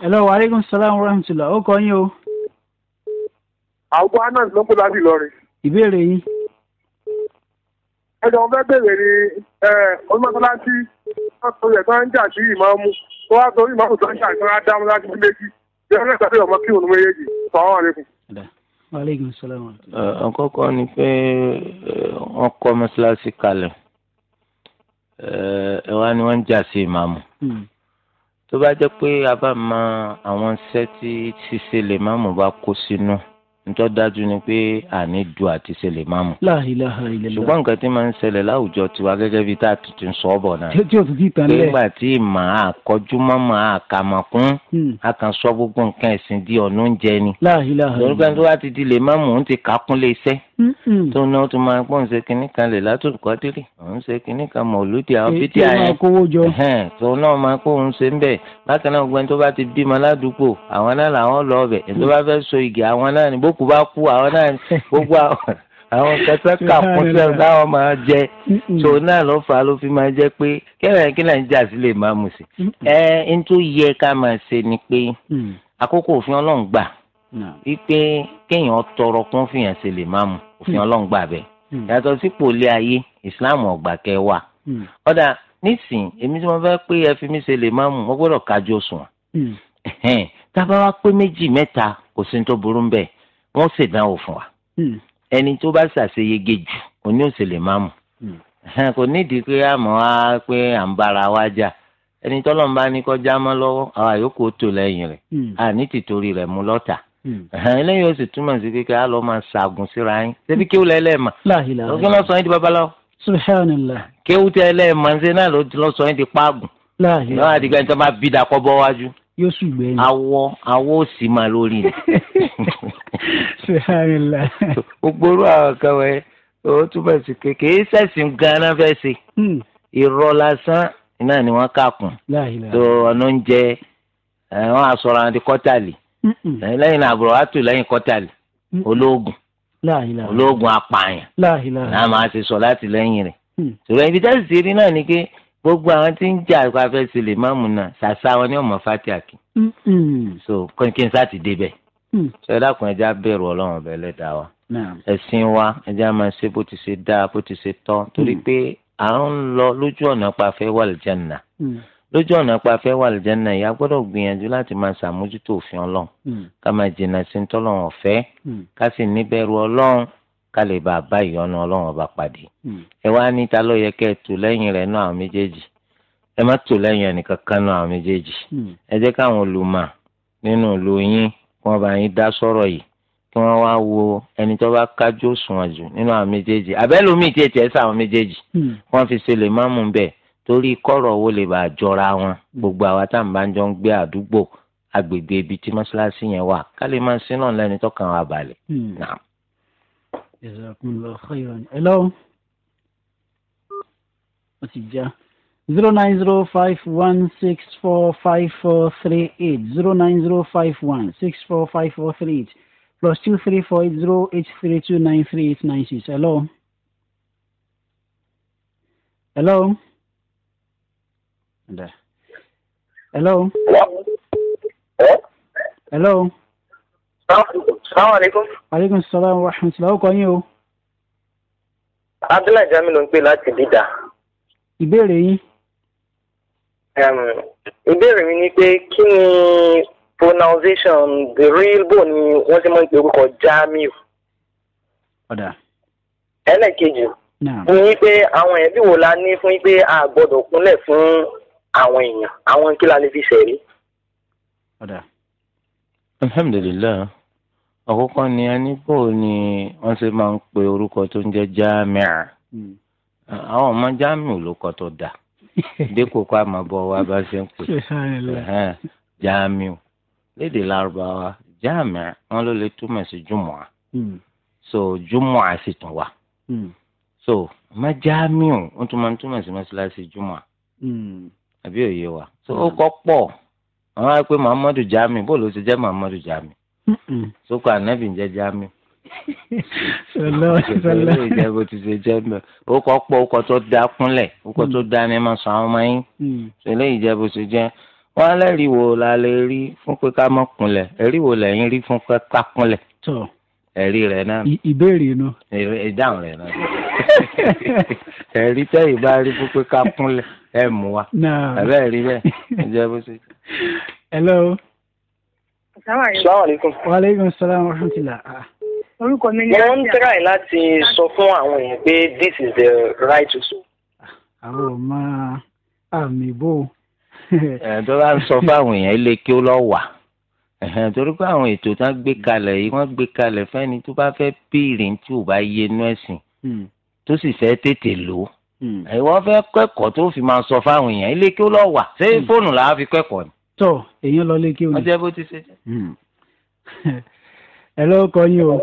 hello wa aleykum salaam wa rahmatulah ó kọ́ yín o. àwọn anas ló ń kó láti Ìlọrin. ìbéèrè yín. ẹjọ́ wọn fẹ́ bèèrè ni olùmọ̀sálásí ọ̀sẹ̀ tó ń jà sí ìmáàmù tó wá torí ìmáàmù tó ń jà sí ọ̀rá dáhùn láti méjì bí ọ̀rẹ́ ìgbàlódé ọmọ kí òun méjèèjì sàlámù aleykum. aleykum salaam. àkọ́kọ́ ni pé wọ́n kọ́ mọ́ṣáláṣí kalẹ̀ ẹ wá ni wọ́n ń jà sí ìmáàmù hmm. tó bá jẹ́ pé a bá mọ àwọn iṣẹ́ tí ṣíṣe lè máàmù bá kó sínú. Si ntọ́ dájú ni pé àní du àti ṣẹlẹ̀ máa mọ̀. La ilaha illallah. ṣùgbọ́n nǹkan tí máa ń ṣẹlẹ̀ láwùjọ tiwa gẹ́gẹ́ bíi tá a tuntun sọ ọ́ bọ̀ náà. tí o tún ti tán lẹ. nígbà tí màá kọjú mọ́ màá kà mà kún. Hmm. a kàn sọ gbogbo nǹkan ẹ̀sìn di ọ̀nà oúnjẹ ni. La ilaha illallah. lórúkọ tó bá ti di lè máa mọ̀ ń ti kà kún lé iṣẹ́. Mm-hmm. tó ná tó máa pọ̀ ń ṣe kinní kan lè látòlù kọ́dírì òun ṣe kinní kan mọ̀ olùdí àwọn bídí àyẹn tó náà máa pọ̀ ń ṣe ń bẹ̀ bákan náà gbẹ́ni tó bá ti bímọ ládùúgbò àwọn náà làwọn lọ ọbẹ̀ ètò bá fẹ́ so igi àwọn náà ni bókù bá kú àwọn náà ni [laughs] gbogbo àwọn àwọn kẹsẹ kàkúnṣẹ táwọn máa jẹ tó náà ló fà á ló fi máa jẹ pé kẹrìnkí náà ń jà sílẹ̀ máa mú sí ẹ ń tó yẹ ká máa ṣe ni pé mm kéèyàn tọrọ kún fìyàn ṣe lè máa mu òfin hmm. ọlọ́run gbà bẹ́ẹ̀ hmm. yàtọ̀ sípò ilé ayé islam ọ̀gbà kẹwàá ọ̀dà hmm. nísìnyí èmi tí mo fẹ́ pé ẹ fi mí ṣe lè máa mu mo gbọ́dọ̀ kájú òṣùwọ̀n tábà wá pé méjì mẹ́ta kò sí tó burú ń bẹ̀ wọ́n ṣèdánwò fún wa ẹni tó bá ṣàṣeyege jù òní ò ṣe lè máa mu kò nídìí pé àmọ́ á pé à ń bára wa jà ẹni tọ́lọ́mùbá ní kọjá mọ́ lọ́wọ́ àwọn àyókù tó lẹ́yìn rẹ̀ àní tìtorí rẹ̀ mú lọ́tà. Hmm. eléyìí ó sì túmọ̀ sí pé kí á lọ máa ṣàgùn síra yín ṣébi kí ó lẹ́ lẹ́ẹ̀ma òkè lọ yín di babaláwo kí ó tẹ lẹ́ẹ̀ma ṣe náà ló lọ yín di páàgùn lọ́wọ́ àdìgbà yín tó máa bí dakọ́ bọ́ wájú yóò sì gbé yín awọ awọ òsì máa lórí ni ògbóró [laughs] àwọn kan wẹ̀ ó túmọ̀ sí pé kì í ṣẹ̀sìn gan fẹ́ ṣe hmm. irọ́ lásán náà ni wọ́n kà kún tó ọ̀nà oúnjẹ àwọn di kọ́tàlì lẹ́yìn náà àbúrò àtù lẹ́yìn kọ́tàlì ológun ológun apààyàn náà máa ti sọ láti lẹ́yìn rẹ̀ mm. ṣùgbọ́n ibi táyì sí rí náà ni pé gbogbo àwọn tí ń jà afẹ́ sí lè má mú náà ṣàṣà wọn ni ọmọ fati àkì so kí n sáà ti débẹ̀ ṣe mm. dákun ẹja bẹ̀rù ọlọ́run ọbẹ̀ lẹ́dàá wa ẹ̀sìn wa ẹja máa ṣe bó ti ṣe dá bó ti ṣe tọ́ torí mm. pé à ń lọ lójú ọ̀nà pàfẹ́ wà lìjẹ́ nà lójú ọ̀nà pa fẹ́ wà lìjẹ́nà yìí a gbọ́dọ̀ gbìyànjú láti máa ṣàmójútó òfin ọlọ́run hmm. ká máa jìnnà sí ń tọ́lọ́run ọ̀fẹ́ hmm. ká sì níbẹ̀rù ọlọ́run ká lè bá a bá ìyọ́nú ọlọ́run ọba pàdé. Hmm. ẹ wá ní ta ló yẹ kẹ́ ẹ tò lẹ́yìn rẹ̀ náà àwọn méjèèjì ẹ má tò lẹ́yìn ẹnìkan kan náà àwọn méjèèjì. ẹ jẹ́ káwọn olùmọ̀ nínú ìlú yín wọ́n bá yín dá sọ̀rọ̀ yìí kí wọ́n wá wo ẹni tó bá kájú òṣùwọ̀n jù nínú àwọn méjèèjì àbẹ́lómi tiẹ̀ tiẹ̀ sáwọn méjèèjì wọ́n fi ṣe lè má mú bẹ́ẹ̀ torí kọ́rọ̀ owó lè bàa jọra wọn gbogbo àwa tá à ń bá ń jọ ń gbé àdúgbò agbègbè ibi tí mọ́ṣáláṣí yẹn wà ká lè máa sínú lẹ́ni tó kàn wá balẹ̀. Hmm. hello ó ti já zero nine zero five one six four five four three eight zero nine zero five one six four five four three eight plus two three four eight zero eight three two nine three eight nine six hello. hello. Dà. Hello. Hello. Salaamaleykum. Aleykum salaam wa rahmatulah. Ó kọ yín o. Abdullahi Jamiu ló ń pè láti Bídà. Ìbéèrè yín. Ìbéèrè mi ni pé kí ni pronunciation the real bò ni wọ́n ti máa ń pe orúkọ Jamiu. Ọ̀dà. Ẹlẹ́kejì. Ní pé àwọn ẹbí wo la ní fún pé a gbọ́dọ̀ kúnlẹ̀ fún àwọn èèyàn àwọn kí la lè fi ṣẹ̀rí. ọ̀dà alhamdulilayi àkọ́kọ́ ni a ní kó ni wọ́n ṣe máa ń pe orúkọ tó ń jẹ́ jámẹ́à hmm. àwọn ọmọ jámẹ́à olùkọ́ tó dà [laughs] dípò kó a máa bọ̀ wá bá ṣe ń pè jámẹ́à lédè lárúbáwá jámẹ́à wọn ló lè túmọ̀ sí jùmọ̀à hmm. so jùmọ̀à sì tún wà hmm. so ọmọ jámẹ́à wọn tún máa ń túmọ̀ sí mọ́ṣáláṣí jùmọ̀à àbí òye wa so hmm. ó kọ́ pọ̀ àwọn á pé muhammadu jami bó ló ti jẹ́ muhammadu jami hmm. sókò ànábì ń jẹ́ jami sọlá ìjẹ́ bó ti ṣe jẹ́ mẹ́ ó kọ́ pọ̀ ó kọ́ tó da kúnlẹ̀ ó kọ́ tó hmm. da ni máa sọ àwọn ọmọ yín sọlá ìjẹ́ bó ti jẹ́ wọn alẹ́rìí wo la lè rí fún pé ká mọ́ kúnlẹ̀ ẹ̀rí wo lẹ́yìn rí fún pé ká kúnlẹ̀ ẹ̀rí rẹ̀ náà ìbéèrè inú ìdáhùn rẹ̀ náà [laughs] ẹ̀rí tẹ́yìn bá rí fún pé ká kúnlẹ̀ ẹ mú wa ẹbẹ rí bẹ ẹ jẹ bó ṣe. hello. salaamaleykum. waaleykum salaam wa rahmatulah. Ah. orúkọ mi ni. wọ́n ń try láti sọ fún àwọn èèyàn pé this is the right to so. Ah, àwọn ò máa àmì bò. [laughs] tó bá ń sọ fáwọn èèyàn lè kí ó lọ wà torí pé àwọn ètò tán gbé kalẹ̀ yìí wọ́n gbé kalẹ̀ fẹ́ni tó bá fẹ́ bèèrè tí ò bá yé inú hmm. tó sì fẹ́ tètè lò ó Hmm. ẹ̀wọ́ fẹ́ kẹ́kọ̀ọ́ tó fi máa sọ fáwọn èèyàn ilé kí ó lọ wà ṣé hmm. fóònù làá fi kẹ́kọ̀ọ́ ni. tọ èèyàn lọ lé kí ó ní. ọjọ́ bó ti ṣe jẹ́. ẹ ló kọ yín o.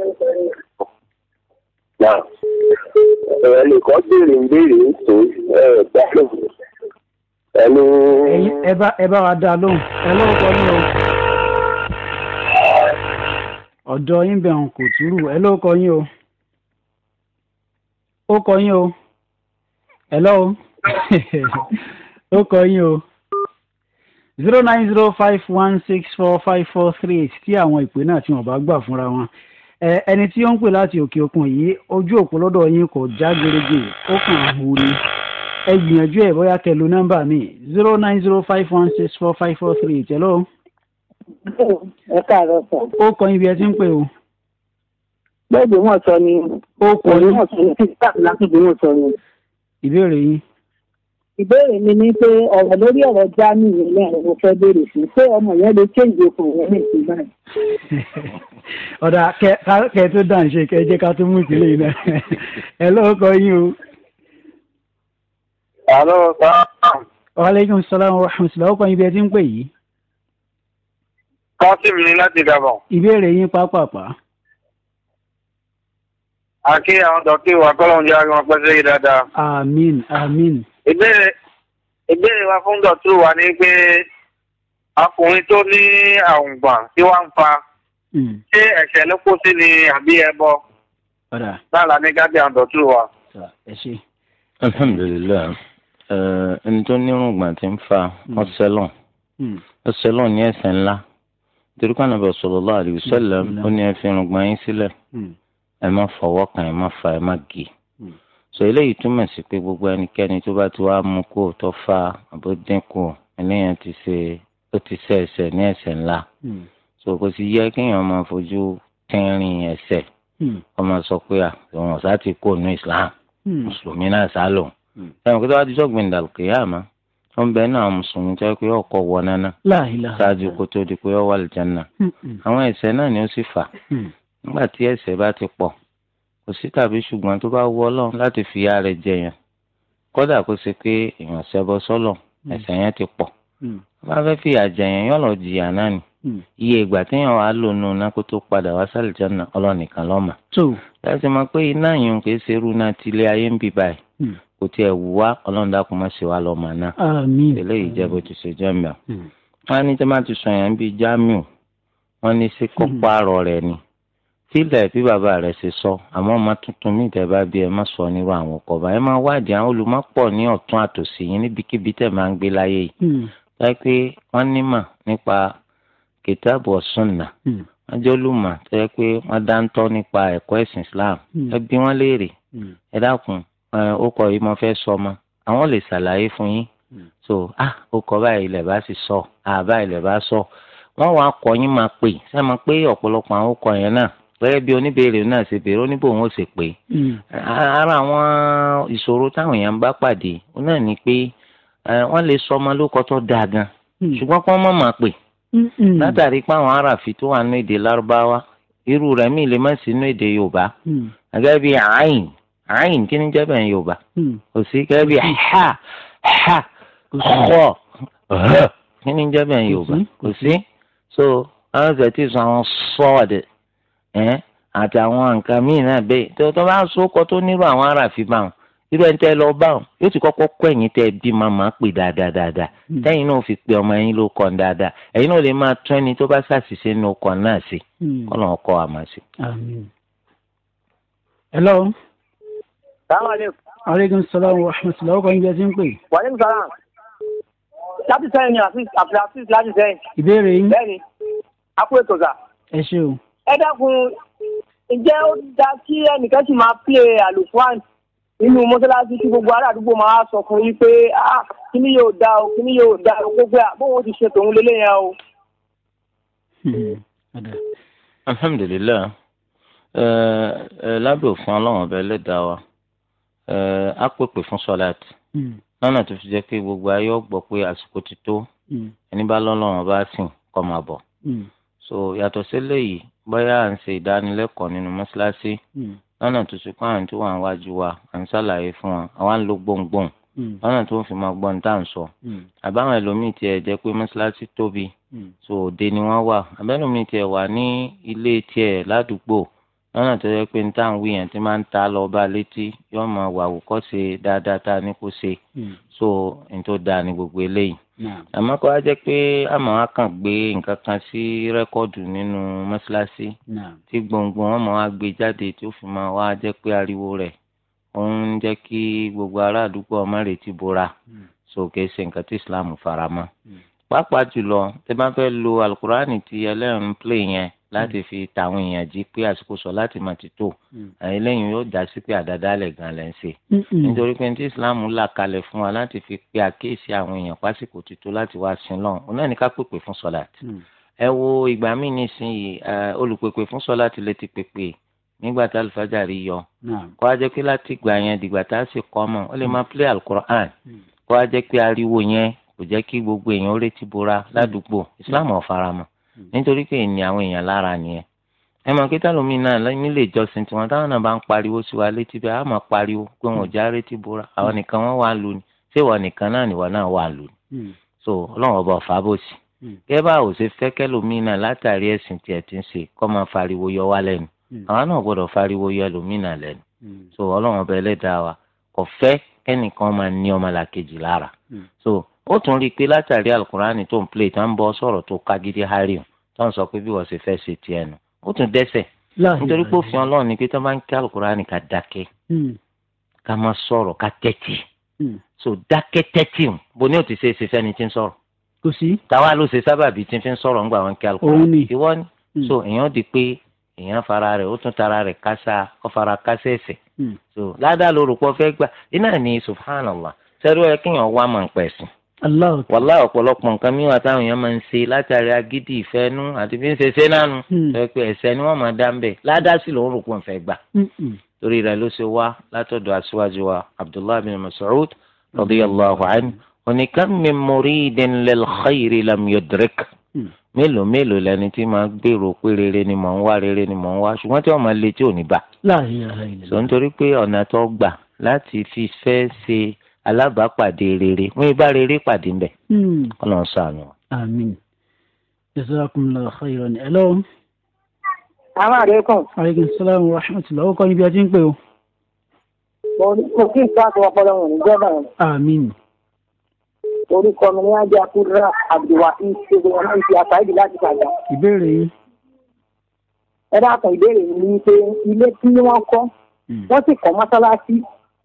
ẹnìkan béèrè ń béèrè ń tó dá lóhùn. ẹ bá wa dá lóhùn ẹ ló kọ yín o. ọ̀dọ̀ yín bẹ̀rù kò túrú ẹ ló kọ yín o. ó kọ yín o hello [laughs] ó kọ yín o zero nine zero five one six four five four three eight tí àwọn ìpè náà tí wọn bá gbà fúnra wọn ẹni tí ó ń pè láti òkè òkun yìí ojú òpó lọ́dọ̀ yín kò já gerege ó kàn hù ni ẹ gbìyànjú ẹ bóyá kẹlu nọ́mbà mi zero nine zero five one six four five four three eight hello. ẹ káàárọ̀ sọ. ó kọ ibi ẹ ti ń pè o. bẹ́ẹ̀ bí wọ́n sọ ni. ó kọ ibi wọ́n sọ ni kí sáà ìbéèrè yín. ìbéèrè mi ni pé ọ̀rọ̀ lórí ọ̀rọ̀ jámì yẹn náà mo fẹ́ béèrè sí pé ọmọ yẹn lè change okùn yẹn ní ìpínlẹ̀ yìí. [laughs] ọ̀dà kẹ tó dàn ṣe kẹ jẹ́ ká tó mú ìpínlẹ̀ yìí náà [laughs] ẹ lóko yín o. alo salaam. waaleykum salaam wa rahmatulah ọkọ ibi ẹ ti ń pè yìí. kọ́sìmù ni láti dàbọ̀. ìbéèrè yín pápápá àkí àwọn dọ̀kí wa kọ́lọ́hún jẹ́ àwọn pẹ́ sí dáadáa. àmín àmín. ìbéèrè ìbéèrè wa fún dọ̀tú wa ni pé ọkùnrin tó ní àrùn gbà tí wọ́n ń fa hmm. ṣé ẹ̀ṣẹ̀ ló kó sí ni àbí ẹbọ. lára ní gábí àwọn dọ̀tú wa. alhamdulilayi ẹni tó ní rúgbà tí ń fa hmm. ọsẹlọ hmm. ọsẹlọ ní ẹ̀ṣẹ̀ ńlá torí kan náà bá sallallahu alaihi wasallam ó ní ẹ fi rúgbà yín sílẹ̀ ẹ má fọwọ́ kan ẹ má fa ẹ má gé hmm. so eléyìí túmọ̀ sí pé gbogbo ẹnikẹ́ni tó bá ti wá mú kó tó fa àbó dínkù ẹlẹ́yìn ti ṣe ó ti ṣe ẹ̀ṣẹ̀ ní ẹ̀ṣẹ̀ ńlá hmm. so kò sì yẹ kéèyàn máa fojú tẹ́rìn ẹ̀ṣẹ̀ hmm. wọ́n máa sọ pé àwọn ọ̀sá ti kó nu Islam mùsùlùmí náà sá lò ẹ̀wọ̀n kí tó bá ti sọ́gbìn ìdàlùkè yá àmọ́ wọ́n bẹ náà mùsùlùmí tó yẹ pé ọkọ̀ wọ náná ṣáájú kó tó di pé ọ wà lìjánná àwọn ẹ̀ṣẹ̀ náà ni ó sì fà nígbà tí ẹ̀ṣẹ̀ bá ti pọ̀ kò sí tàbí ṣùgbọ́n tó bá wọ Ọlọ́run láti fi ìyà rẹ̀ jẹyàn kódà kó ṣe pé èèyàn ṣẹbọ sọ́lọ̀ hmm. ẹ̀ṣẹ̀ yẹn ti pọ̀ hmm. bá fẹ́ fi ìyà jẹyàn yọ̀ lọ jìyà náà ni hmm. iye ìgbà téèyàn wàá lò nù náà kó tó padà wá sálìjánà ọlọ́nìkan lọ́mà. láti mọ̀ pé iná yìí kò ṣe irú náà ti ilé ayé ń bì báyìí kò tiẹ̀ wá ọlọ́run dákun má ṣe lọ́mà náà. eléyìí jẹ́ bó ti ṣe jẹ́ mẹ́ọ̀. wọ́n á ní tí wọ́n ti sọ yẹn ń jamiu wọ́n ní sí kọ́pọ̀ àrọ̀ rẹ̀ ni tílẹ̀ bí bàbá rẹ̀ ṣe sọ àmọ́ ọmọ tuntun mi ìtẹ̀ bá bí ẹ má sọ nírú àwọn ọkọ̀ bá ẹ máa wádìí àwọn olùmọ̀pọ̀ ní ọ̀tún àtòsí yín níbikíbi tẹ̀ máa ń gbé láyé yìí. láì hmm. pé wọ́n nímọ̀ nípa kìtàbù ọ̀sùnà hmm. wọ́n jẹ́ olùmọ̀ tó yẹ pé wọ́n dáńtọ́ nípa ẹ̀kọ́ ẹ̀sìn Islam hmm. ẹ bí wọ́n léèrè ẹ dákun ó kọ yìí mo fẹ́ sọ ọmọ àwọn lè ṣàlàyé fún yín so ah ó kọ báyìí lẹ̀ bá sì sọ àbá ah, ilẹ̀ bá sọ wọ́n wàá kọ́ yín máa pè sẹ́mi gẹ́gẹ́ bí oníbèrè náà ṣe bèrè oníbò wọn ṣe pé hmm. ara àwọn ìṣòro táwọn èèyàn bá pàdé náà ni pé wọ́n lè sọ ọmọ lóko tó dáa hmm. ṣùgbọ́n kí wọ́n máa pè hmm. látàrí pé àwọn fi tó wà nínú èdè lárúbáwá irú rẹ̀ mí lè má sí nínú èdè yorùbá gẹ́gẹ́ bí kí ni yorùbá kò sí gẹ́gẹ́ bí ha ha kí ni yorùbá kò sí so àwọn ẹ́ àwọn nǹkan míì náà bẹ́ẹ̀ tó tó bá so tó nírú àwọn aráàfin bá wọn irú ẹni tẹ́ lọ bá wọn yóò ti kọ́kọ́ kọ́ ẹ̀yin tẹ́ bí màmá pè dáadáa dáadáa hmm. náà fi pe ọmọ ẹ̀yin ló kọ́ dáadáa ẹ̀yin náà lè máa tún ẹni tó bá ṣàṣìṣe nínú ọkọ̀ náà sí kọ́lọ́n sí. hello. salaamaleykum. aleykum salaam wa rahmatulah ọkọ ìgbẹ́ ti ń pè. ẹ dákun ǹjẹ́ ó dá kí ẹnìkan sì máa pè àlùfáàn nínú mọ́ṣáláṣí tí gbogbo ará àdúgbò máa sọ fún yín pé kíní yóò dá o kíní yóò dá o gbogbo àbóhùn ti ṣe tòun lélẹ́yìn o. Hmm, hmm, hmm. alhamdulilayi ẹ ẹ lábẹ́ òfin ọlọ́run ọba ẹlẹ́dàá wa ẹ á pèpè fún sọláàtì lọ́nà tó fi jẹ́ pé gbogbo ayé ọ̀gbọ́ pé àsìkò ti tó ẹni bá lọ́lọ́run ọba sìn kọ́ máa bọ̀ so yàtọ̀ sílẹ̀ yìí bóyá à ń ṣe ìdánilẹ́kọ̀ọ́ nínú mọ́ṣáláṣí hmm. lọ́nà tó ṣe pé àwọn tó wà níwájú wa à ń ṣàlàyé fún wa àwa ń lo gbòǹgbòǹ hmm. lọ́nà tó ń fi máa gbọ́n tá à ń sọ hmm. àbáwọn ẹlòmíì tiẹ̀ jẹ́ pé mọ́ṣáláṣí tóbi so òde ni wọ́n wà àbẹ́lòmíì tiẹ̀ wà ní ilé tiẹ̀ ládùúgbò lọ́nà tó yẹ pé ní tá à ń wí yẹn tí máa ń ta lọ bá létí yóò máa wà wò kọ́ ṣe dáadáa tá a ní kó ṣe so ní tó dáa ní gbogbo eléyìí àmọ́ kó a jẹ́ pé àmọ́ a kàn gbé nǹkan kan sí rẹ́kọ́ọ̀dù nínú mọ́ṣáláṣí tí gbòǹgbò wọn mọ̀ gbé jáde tó fi máa wá jẹ́ pé ariwo rẹ̀ jẹ́ gbogbo ará àdúgbò ọmọ rẹ̀ ti bora hmm. sókè ṣe nǹkan tí Islam faramọ́ hmm. pàápàá jùlọ tẹ bá fẹ́ lo alukurani ti ẹlẹ́rìn yẹn láti hmm. fi tàwọn èèyàn jí pé àsìkò sọ láti máa ti tó eléyìí hmm. yóò já sí pé àdádálẹ̀ gan lẹ́ ń ṣe nítorí pé tí islam là kalẹ̀ fún wa láti fi pe àkéèsí àwọn èèyàn pásìkò ti tó láti wá sin lọ́n òun náà ní ká pèpè fún sọ̀láàtì hmm. ẹ wo ìgbà míì nísìnyí olùpèpè fún sọ̀láàtì lè ti pèpè nígbà tá alifájàrí yọ kó a jẹ́ pé láti gbà yẹn dìgbà tá a sì kọ́ mọ̀ ó lè máa play alukur'an kó a jẹ́ pé ariwo yẹn kò jẹ́ kí gbogbo èèyàn ó retí bora ládùúgbò islam ò Hmm. nítorí pé ènìyàn àwọn èèyàn lára nìyẹn ẹ mọ̀ kíta lómi náà nílé ìjọsìn tiwọn táwọn náà bá ń pariwo sí wa létí bẹ́ẹ̀ á máa pariwo pé wọn ò hmm. já rétí bora hmm. àwọn nìkan wọn wà lù ní ṣé ìwọ nìkan náà nìwọ náà wà lù ní. so ọlọ́run ọba ọ̀fà bò sí. kẹ́ bá ò ṣe fẹ́ kẹ́lómi náà látàrí ẹ̀sìn tiẹ̀ ti ń ṣe kọ́ máa fariwo yọ wá lẹ́nu àwọn náà gbọ́dọ̀ fariwo yọ ẹlòmí náà lẹ́nu. so ọlọ́run ọba ẹlẹ́dàá wa kò fẹ́ kẹ́nìkan máa ní ọmọlàkejì lára. so ó tún rí i pé látàrí alukurani tó ń plé tá wọ́n sọ pé bí wọ́n ṣe fẹ́ ṣe tiẹ̀ nù ó tún dẹ́ṣẹ̀ nítorí pé òfin ọlọ́run ni pé tí wọ́n bá ń kí alukurani ká dákẹ́ hmm. ká má sọ̀rọ̀ ká tẹ́tì hmm. so dákẹ́ tẹ́tì o bo ní o ti ṣe é ṣe fẹ́ni tí ń sọ̀rọ̀ kò sí táwa ló ṣe sábàbí tí ń fi ń sọ̀rọ̀ ńgbà wọn kí alukurani ìwọ ni hmm. so èèyàn di pé èèyàn fara rẹ̀ ó tún tara rẹ̀ kásá ó fara kásá ẹ̀ṣẹ̀ so ládàá lórúkọ fẹ́ gbà iná ní subhanallah sẹ́rú ẹ kíyàn wá mọ̀ ń pẹ̀sìn wàlá ọ̀pọ̀lọpọ̀ nǹkan mìíràn táwọn èèyàn máa ń ṣe látàrí agídí ìfẹ́nú àti bí ń ṣe ṣe nánu hmm. pẹ̀pẹ̀ ẹ̀ṣẹ̀ ni wọ́n máa dá ń bẹ̀ ládàásì lòún rò pọ̀ ń fẹ́ gbà. Hmm, hmm. torí rẹ̀ ló ṣe wá látọ̀dọ̀ aṣíwájú wa abdullahi bin mas'ud radiyallahu anhu oní kam min muridin lil khayri lam yudrik mélòó mélòó lẹni tí máa gbèrò pé rere ni mò ń wá rere ni mò ń wá ṣùgbọ́n tí wọ́n máa le tí ò ní bá. láàyè àìlè alábàápàdé rere wọn ibà rere pàdé ńbẹ. Hmm. Ọlọ́run ṣàánú. àmín jazakumullahu khairan ẹ lọ́wọ́. àwọn àlékún. aleykum salaam wa rahmatulah ó kọ́ níbi ẹtí ń pè o. mo kí n sọ àti ọpọlọ wọn níjọba yẹn. àmín. orúkọ mi ní ajá kúrò abdulwahi ṣègbè wọn náà ti àtàìdì láti ṣàgbà. ìbéèrè yìí. ẹ dákun ìbéèrè mi ni pé ilé tí wọ́n kọ́ hmm. wọ́n sì kọ́ mọ́sálásí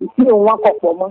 ìṣirò wọn kọ̀ pọ̀ mọ́.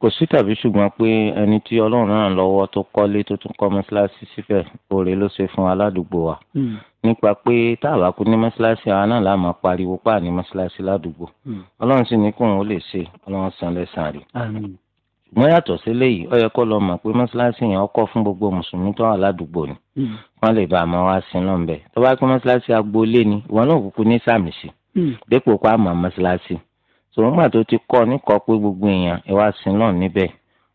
kò sí tàbí ṣùgbọ́n pé ẹni tí ọlọ́run ràn lọ́wọ́ tó kọ́lé tó tún kọ́ mọ́ṣáláṣí síbẹ̀ oore ló ṣe fún aládùúgbò wa hmm. nípa pé tá a bá kú ní mọ́ṣáláṣí àwọn náà láàmú pariwo pa ní mọ́ṣáláṣí ládùúgbò hmm. ọlọ́run sì ní kóun ó lè ṣe ọlọ́run san lẹ́sàn-án rí. ṣùgbọ́n yàtọ̀ sí léyìí ó yẹ kó lọ mọ̀ pé mọ́ṣáláṣí yẹn ọkọ̀ fún gbogbo mùsùlùmí tó wà ládùúgbò ni hmm. wọ́n lè bá àmọ́ wá sí náà tó bá pé mọ́ṣáláṣí agboolé ni ìwọ náà kúkú ní sàmì dépò pa àmọ́ mọ́ṣáláṣí sòwòmà tó ti kọ́ níkọ pé gbogbo èèyàn ẹ wá sí náà níbẹ̀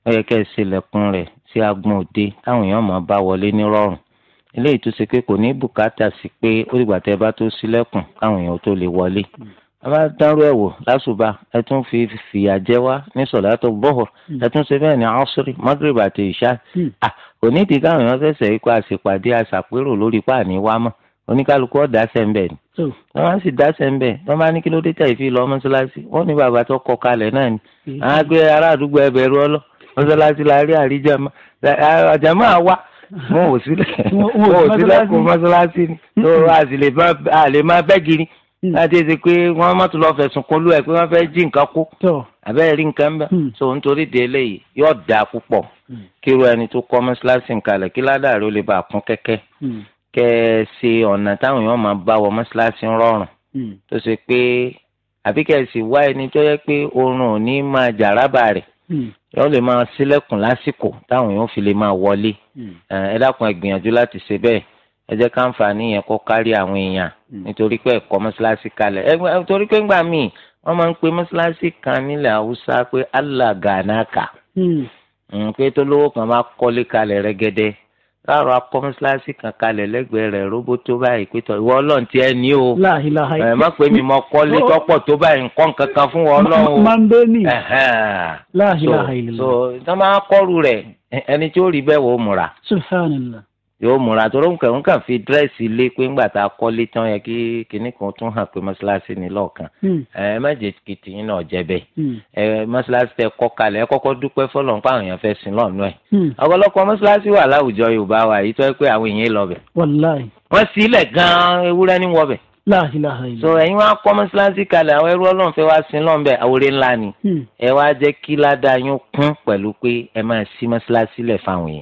ó yẹ kẹ́ ẹ ṣílẹ̀kùn rẹ̀ sí agbọ̀n òde táwọn èèyàn máa bá wọlé nírọ̀rùn eléyìí tó ṣe pé kò ní bùkátà sí pé ó dìgbà tẹ́ bá tó ṣílẹ̀kùn káwọn èèyàn tó lè wọlé a bá dárú ẹ wò lásùbà ẹ tún fi fìyà jẹ wá ní sọlá tó bọ̀họ̀ ẹ tún ṣe bẹ́ẹ̀ ní ọ́sírì magrib àti ìṣá kò ní ìdí káwọn èèyàn fẹsẹ̀ ikú àṣèpàdé àṣàpérò lórí páàní wá mọ́ oníkálukú ọ̀dà sẹ́ńbẹ̀ ni tó wọn á sì dáṣẹ ń bẹ wọn bá ní kí ló dé tàyè fi lọ mọ́ṣáláṣí wọn ní bàbá tó kọ kalẹ̀ náà ni àwọn àgbẹ̀ ará àdúgbò ẹbẹrú ọlọ mọ́ṣáláṣí la rí àríjàmá àjàmá wa wọn ò sílẹ̀ wọn ò sílẹ̀ kó mọ́ṣáláṣí ni tó a lè má bẹ gírí mm. láti ṣe pé wọn má tún lọ fẹ̀sùn kọlù ẹ pé wọn fẹẹ jí nǹkan kó abẹ́rẹ́ rí nǹkan bẹ́ẹ̀ mm. so nítorí de eléyìí yóò dáa púpọ̀ mm. kíru ẹni tó kọ́ mọ́ṣáláṣí nǹkan lẹ̀ kí ládàá rẹ̀ ó lè bàa kún kẹ́kẹ́ kẹ́ ẹ ṣe ọ̀nà táwọn èèyàn máa bá wọ mọ́ṣáláṣí rọrùn hmm. tó ṣe pé àbí kẹ́ ẹ sì wá ẹni tó yẹ pé oorun ò ní máa jàrábà rẹ̀ hmm. yóò lè máa ṣílẹ̀kùn lásìkò táwọn èèyàn fi lè máa wọlé hmm. ẹ dákun ẹ gbìyànjú láti ṣe bẹ́ẹ̀ ẹ jẹ́ káǹfààní yẹn kó kárí àwọn èèyàn nítorí pé ẹ̀kọ́ mọ́ṣáláṣí kalẹ̀ ẹ torí pé ńgbà míì wọ́n máa ń pe mọ́ṣáláṣí kan nílẹ̀ haúsá pé alàgànàkà pé tó lówó kan máa kọ́lé kalẹ̀ rẹ́gẹ́dẹ́ láàrọ̀ akọ́ mọ́ṣáláṣí kan kalẹ̀ lẹ́gbẹ̀ẹ́ rẹ̀ róbótó báyìí pétọ́ ìwọ ọlọ́run ti ẹ ní o ẹ má pé mi mọ kọ́lé [laughs] tọ́pọ̀ tó báyìí nǹkan kankan fún wọn ọlọ́run. máa ń bẹ́ ní. so so tó máa kọ́rù rẹ̀ ẹni tí ó rí bẹ́ẹ̀ wò ó múra. subhanallah. yóò múra tó lóun kàn kàn fi dírẹ́sì lé pé ńgbà tá a kọ́lé tán kan tún hàn pé mọ́ṣáláṣí ni lọ́ọ̀kan hmm. ẹ kìtì yín náà hmm. tẹ kọ́ kalẹ̀ ẹ kọ́kọ́ dúpẹ́ fọlọ́n pa àwọn èèyàn fẹ́ sin hmm. wa tó yẹ pé àwọn èèyàn lọ gan-an ewúrẹ́ ní so mọsilasi àwọn ẹrú sin ni ẹ wa kí ládàá yín kún pé ẹ máa fáwọn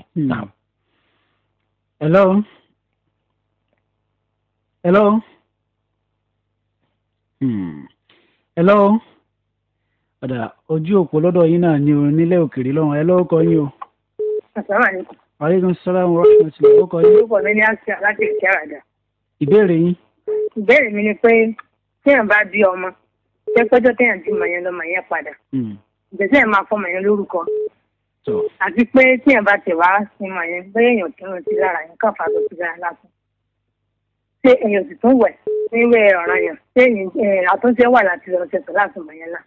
hello hello hmm. hello padà ojú òpó lọ́dọ̀ yín náà ni orin nílẹ̀ òkèèrè lọ́wọ́ ẹ lọ́wọ́ kọ yín o. asalaamualeykum. aleykum salaam wa rahmatulah ó kọ yín. orúkọ mi ni asia láti èkìtì àràdà. ìbéèrè yín. ìbéèrè mi ni pé téèyàn bá bí ọmọ pé pẹ́jọ́ téèyàn bí mọ̀ yẹn lọ́mọ yẹn padà. Hmm. ìgbésẹ̀ máa fọmọ yẹn lórúkọ àti pé tí ẹ̀ bá tẹ̀ wá sí mọ̀ yẹn bẹ́ẹ̀ èèyàn kí wọ́n ti lára yẹn kàn fàtó sí lára lásán ṣé èèyàn sì tún wẹ̀ níwẹ̀ ọ̀ràn yẹn ṣé eh, àtúnṣe wà láti ọ̀sẹ̀ tó láti mọ̀ yẹn lá.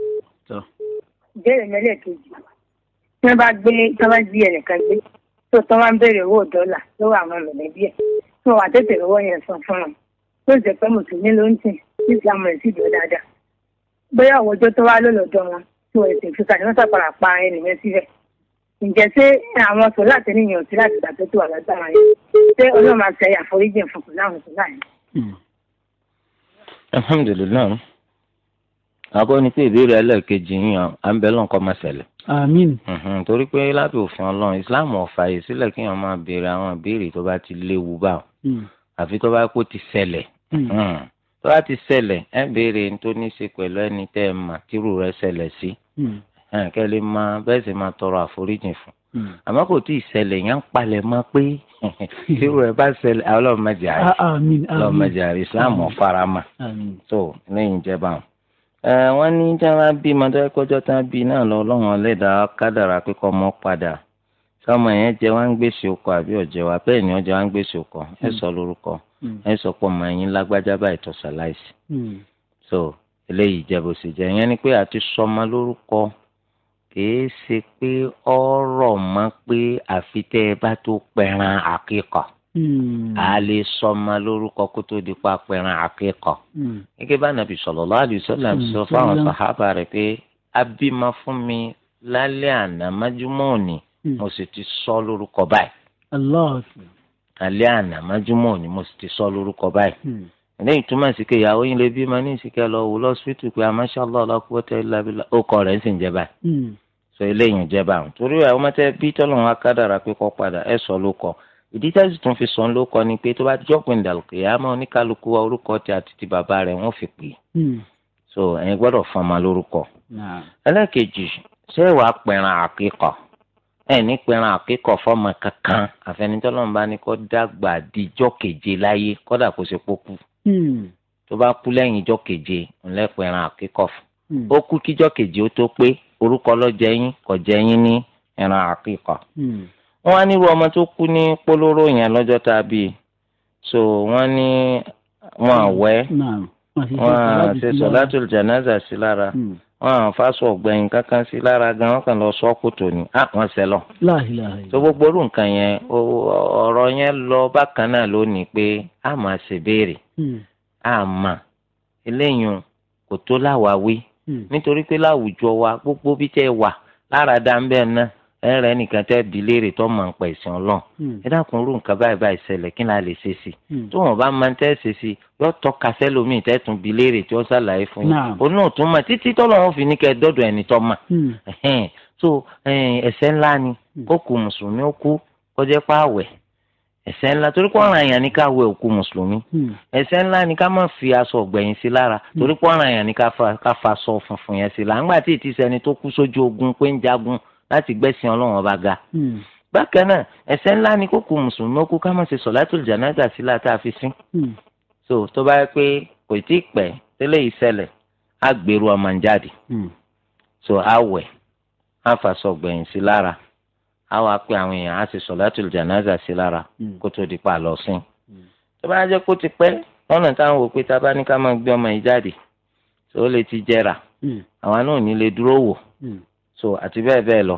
ìbéèrè mẹ́lẹ̀ kejì tí wọ́n bá gbé tí wọ́n bá jí ẹnìkan gbé tó tán wá béèrè owó dọ́là lọ́wọ́ àwọn mọ̀lẹ́bí ẹ̀ tí wọ́n wà tètè lọ́wọ́ yẹn san fún wọn tó jẹ́ pé mùsùlùmí ló ń tì ní ìsìlámù rẹ̀ sì dúró dáadáa bóyá àwọn tó wá lọ́lọ́dọ̀ wọn tí wọ́n ti fi wọ́n sàpàrà pa ẹnìyẹn síbẹ̀ ǹjẹ́ ṣé àwọn sọ̀lá àtẹnìyàn ò sí láti gbà tó tó wà lágbára yẹn ṣé ọlọ́run máa ṣe àforíjì fún kùn láwọn sọ̀lá yẹn. Hmm. alhamdulilayi àkọ́ ni pé ìbéèrè ẹlẹ́ẹ̀kejì yín à ń bẹ lọ́n kọ́ máa ṣẹlẹ̀. àmín. Hmm, torí pé lábẹ́ òfin ọlọ́run islam ò fàyè sílẹ̀ kí wọ́n máa béèrè àwọn ìbéèrè tó bá ti léwu bá o hmm. àfi tó bá kó ti ṣẹlẹ̀ tó bá ti ṣẹlẹ̀ ẹ béèrè tó ní í ṣe pẹ̀lú ẹni tẹ́ ẹ mà tírù rẹ ṣẹlẹ̀ sí ẹ̀ kẹ́ ma máa sì máa tọrọ àforíjì fún hmm. àmọ́ kò tí ì ṣẹlẹ̀ yẹn ń palẹ̀ pé hmm. irú ẹ̀ bá àrí ah, àrí islam tó hmm. ìjẹba wọn. ní tí bí náà lọ ọlọ́run ọ̀lẹ́dàá kádàrà pípọ̀ mọ́ padà sọmọ yẹn jẹ wá ń gbèsè ọkọ àbí ọjẹ wa ọmọ yẹn lágbájá láìsí so eléyìí jẹ kìí ṣe pé ọ rọ̀ mọ́ pé àfi tẹ́ ẹ bá tó pẹran hmm. a lè sọmọ lórúkọ kó tó di pa pẹran àkíkà hmm. gẹ́gẹ́ bá nàbì hmm. sọ fáwọn sàhábà rẹ̀ pé abímọ fún mi lálẹ́ àná májúmọ́ òní mo sì sọ lórúkọ báyìí alẹ́ àná májúmọ́ òní mo sì ti sọ lórúkọ báyìí. eléyìí túmọ̀ sí pé ìyàwó yín lè bí ma ní ìsìnkẹ́ lọ wò lọ́sítù pé amáṣálọ́ ọlọ́kùnrin lábílà ó kọ rẹ̀ ń sì jẹba hmm. so eléyìí ń jẹba àwọn torí àwọn ọmọọtẹ bí tọ́lọ́run akádàrà pé kọ́ padà ẹ̀ sọ ló kọ ìdí tẹ́sí tún fi sọ ló kọ ni pé tó bá jọ́pin ìdàlùkè yà á mọ oníkálukú orúkọ tí àti ti bàbá rẹ̀ wọ́n fi pè hmm. so ẹ̀yin gbọ́dọ̀ fún ọmọ lórúkọ. ẹlẹ́kejì ṣé wàá pẹ̀ràn àkíkọ̀ ẹ̀ ní pẹ̀ràn àkíkọ̀ fọ́mọ kankan àfẹnitọ́lọ́mùbá ni kó dàgbà díjọ́ keje láyé kódà kó ṣe pókú. Hmm. tó bá kú lẹ́yìn ijọ́ keje ńlẹ́pẹ̀ ẹran àkíkọ̀ fún hmm. ó kú kíjọ́ keje ó tó pé orúkọ lọ́jẹ́ yín kò jẹ́ yín ní ẹran àkíkọ̀ hmm. wọ́n á nírú ọmọ tó kú ní polówó yẹn lọ́jọ́ tá a bí i so wọ́n ní wọn àwẹ́ wọn à ṣe sọ̀látùl jánásà sí lára wọn à fásọ ọ̀gbẹ́yìn kankan sí lára gan wọn kàn lọ sọ kòtò ní àwọn sẹlọ. tó gbogbo orú nǹkan yẹn ọ̀rọ̀ yẹn lọ bákan náà lónìí pé a máa béèrè. Hmm. àmà eléyìí kò tó láwàwí hmm. nítorí pé láwùjọ wa gbogbo bí tẹ́ wà lára dá ń bẹ́ẹ̀ náà ẹrẹ nìkan tẹ di léèrè tó mọ̀ nípa ẹ̀sìn Ọlọ́run hmm. ẹ dákun rú nǹkan báyìí báyìí ṣẹlẹ̀ kí la lè ṣe sí i tó wọn bá máa ń tẹ ṣe sí i yóò tọ́ka sẹlómi tẹtùn bi léèrè tí ó ṣàlàyé fún yín òun náà tún mọ̀ títí tọlọ́run fi ní kẹ dọdọ ẹni tó mọ̀ so ẹ̀ṣẹ̀ ńlá ni ó kù mùsùlùmí ó kú kọjá pààwẹ ẹ̀ṣẹ̀ ńlá torí pé ọ̀ràn àyàn ni ká wẹ òkú mùsùlùmí hmm. ẹ̀ṣẹ̀ ńlá ni ká má fi aṣọ ọ̀gbẹ̀yìn sí lára hmm. torí pé ọ̀ràn àyàn ni ká fa aṣọ funfun yẹn sí lára ńgbà tí ìtì sẹni tó kú sójú ogun pé ń jagun láti gbẹ̀sìn ọlọ́run ọba ga. Hmm. bákan náà ẹ̀ṣẹ̀ ńlá ni kókó mùsùlùmí ó kú ká má ṣe sọ̀látùl jánásà sí lára tá a fi sín. so tó bá yẹ pé kò tí ì pẹ́ tẹ́lẹ̀ ìṣẹ̀lẹ̀ á gbèrú ọmọ jáde so á wẹ̀ á fàṣọ ọ̀gbẹ̀yìn sí lára á wàá pe àwọn èèyàn á sì solatul janaza sí lára hmm. kó tó di pa lọ sí. Hmm. tó bá jẹ́ kó ti pẹ́ lọ́nà táwọn wò pé tábà ní ká máa gbé ọmọ yìí jáde tó lè ti jẹrà hmm. àwọn náà ní lè dúró wò so àti bẹ́ẹ̀ bẹ́ẹ̀ lọ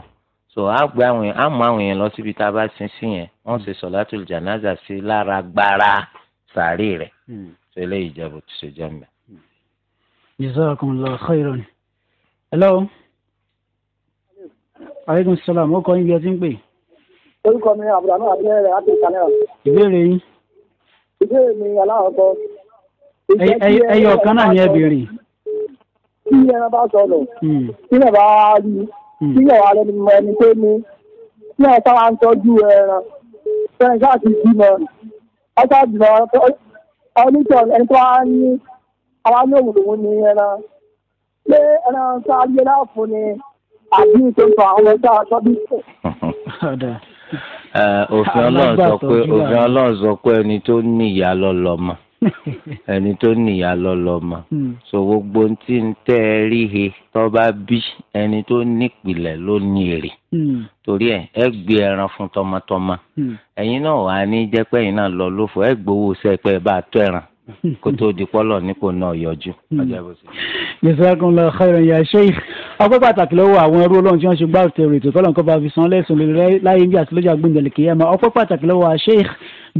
so á gbé àwọn èèyàn á mú àwọn èèyàn lọ síbi tá a bá sin sí yẹn wọ́n sì solatul janaza sí lára gbára sàárè rẹ̀ tó eléyìí jẹ́ bó ti ṣe jẹ́ mbẹ́. jazakumullahu khairan. hello aleykum salaam ó kọ yín bí ẹ ti ń pè. orúkọ mi abdulhamid abdulhamid láti kanada. ìbéèrè yín. ìbéèrè mi aláwọ̀kọ. ẹyọ kan náà ni ẹ béèrè. tí ẹran bá sọnù hmm. tí ẹ bá rí hmm. tí ẹ wà lẹnu ẹni pé ní tí ẹ sábà ń tọ́jú ẹran fẹ́ràn sáà ti bímọ ọ̀sá bímọ onítọ̀ ẹni tó wá ní àwa ní òwúrò ní ẹran pé ẹran sáà yẹlá fún ni àbí ìtọ́jú àwọn ẹ̀dá aṣọ́bí. [laughs] òfin ọlọ́run sọ pé òfin ọlọ́run sọ pé ẹni tó ní ìyá lọ́lọ́mọ [laughs] ẹni tó níyà lọ́lọ́mọ hmm. so gbogbo tí ń tẹ́ ẹ rí he tó bí ẹni tó nípìlẹ̀ ló ní èrè hmm. torí ẹ ẹ gbé ẹran fún tọmọtọmọ hmm. ẹ̀yin náà wà ní jẹ́ pé náà lọ lófo ẹ gbowó sẹ́pẹ́ bá tọ́ ẹran kó tó di pọ́lọ̀ nípò náà yọjú. Hmm. jazakumullahu khairan ya sheikh ọgbẹ́ pàtàkì lọ́wọ́ àwọn ẹrú ọlọ́run tí wọ́n ṣe gbáàtì ètò tọ́lọ́n kọ́ba fi san lẹ́sùn lórí láyé bí àtìlójà gbẹ̀ndẹ̀lẹ̀ kìyàmá ọgbẹ́ pàtàkì lọ́wọ́ sheikh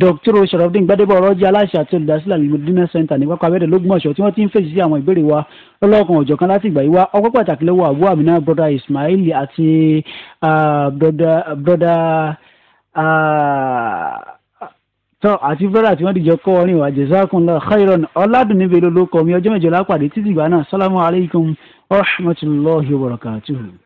dr sharafdin gbadebo ọrọ́jì aláṣẹ àti olùdásílẹ̀ alimudina center ní pápá abẹ́rẹ́ lógúnmọ̀ṣọ́ tí wọ́n ti ń fèsì sí àwọn ìbéèrè wa lọ́lọ́kan ọ̀jọ̀ kan láti ìgbà yìí wá ọgbẹ́ pàtàkì lọ́wọ́ abu amina broda ismail àti broda ah, broda tọ́ àti brọ́dà tí wọ́n dìjọ kọ́ orin wa jazakumullahu khairan ọ̀làdùnníbẹ̀ ló ló kọ́ mi ọjọ́ mẹ́jọ lápàdé títí ìgbà náà sálámù alaykum rahmatulahi wa barakatuhu.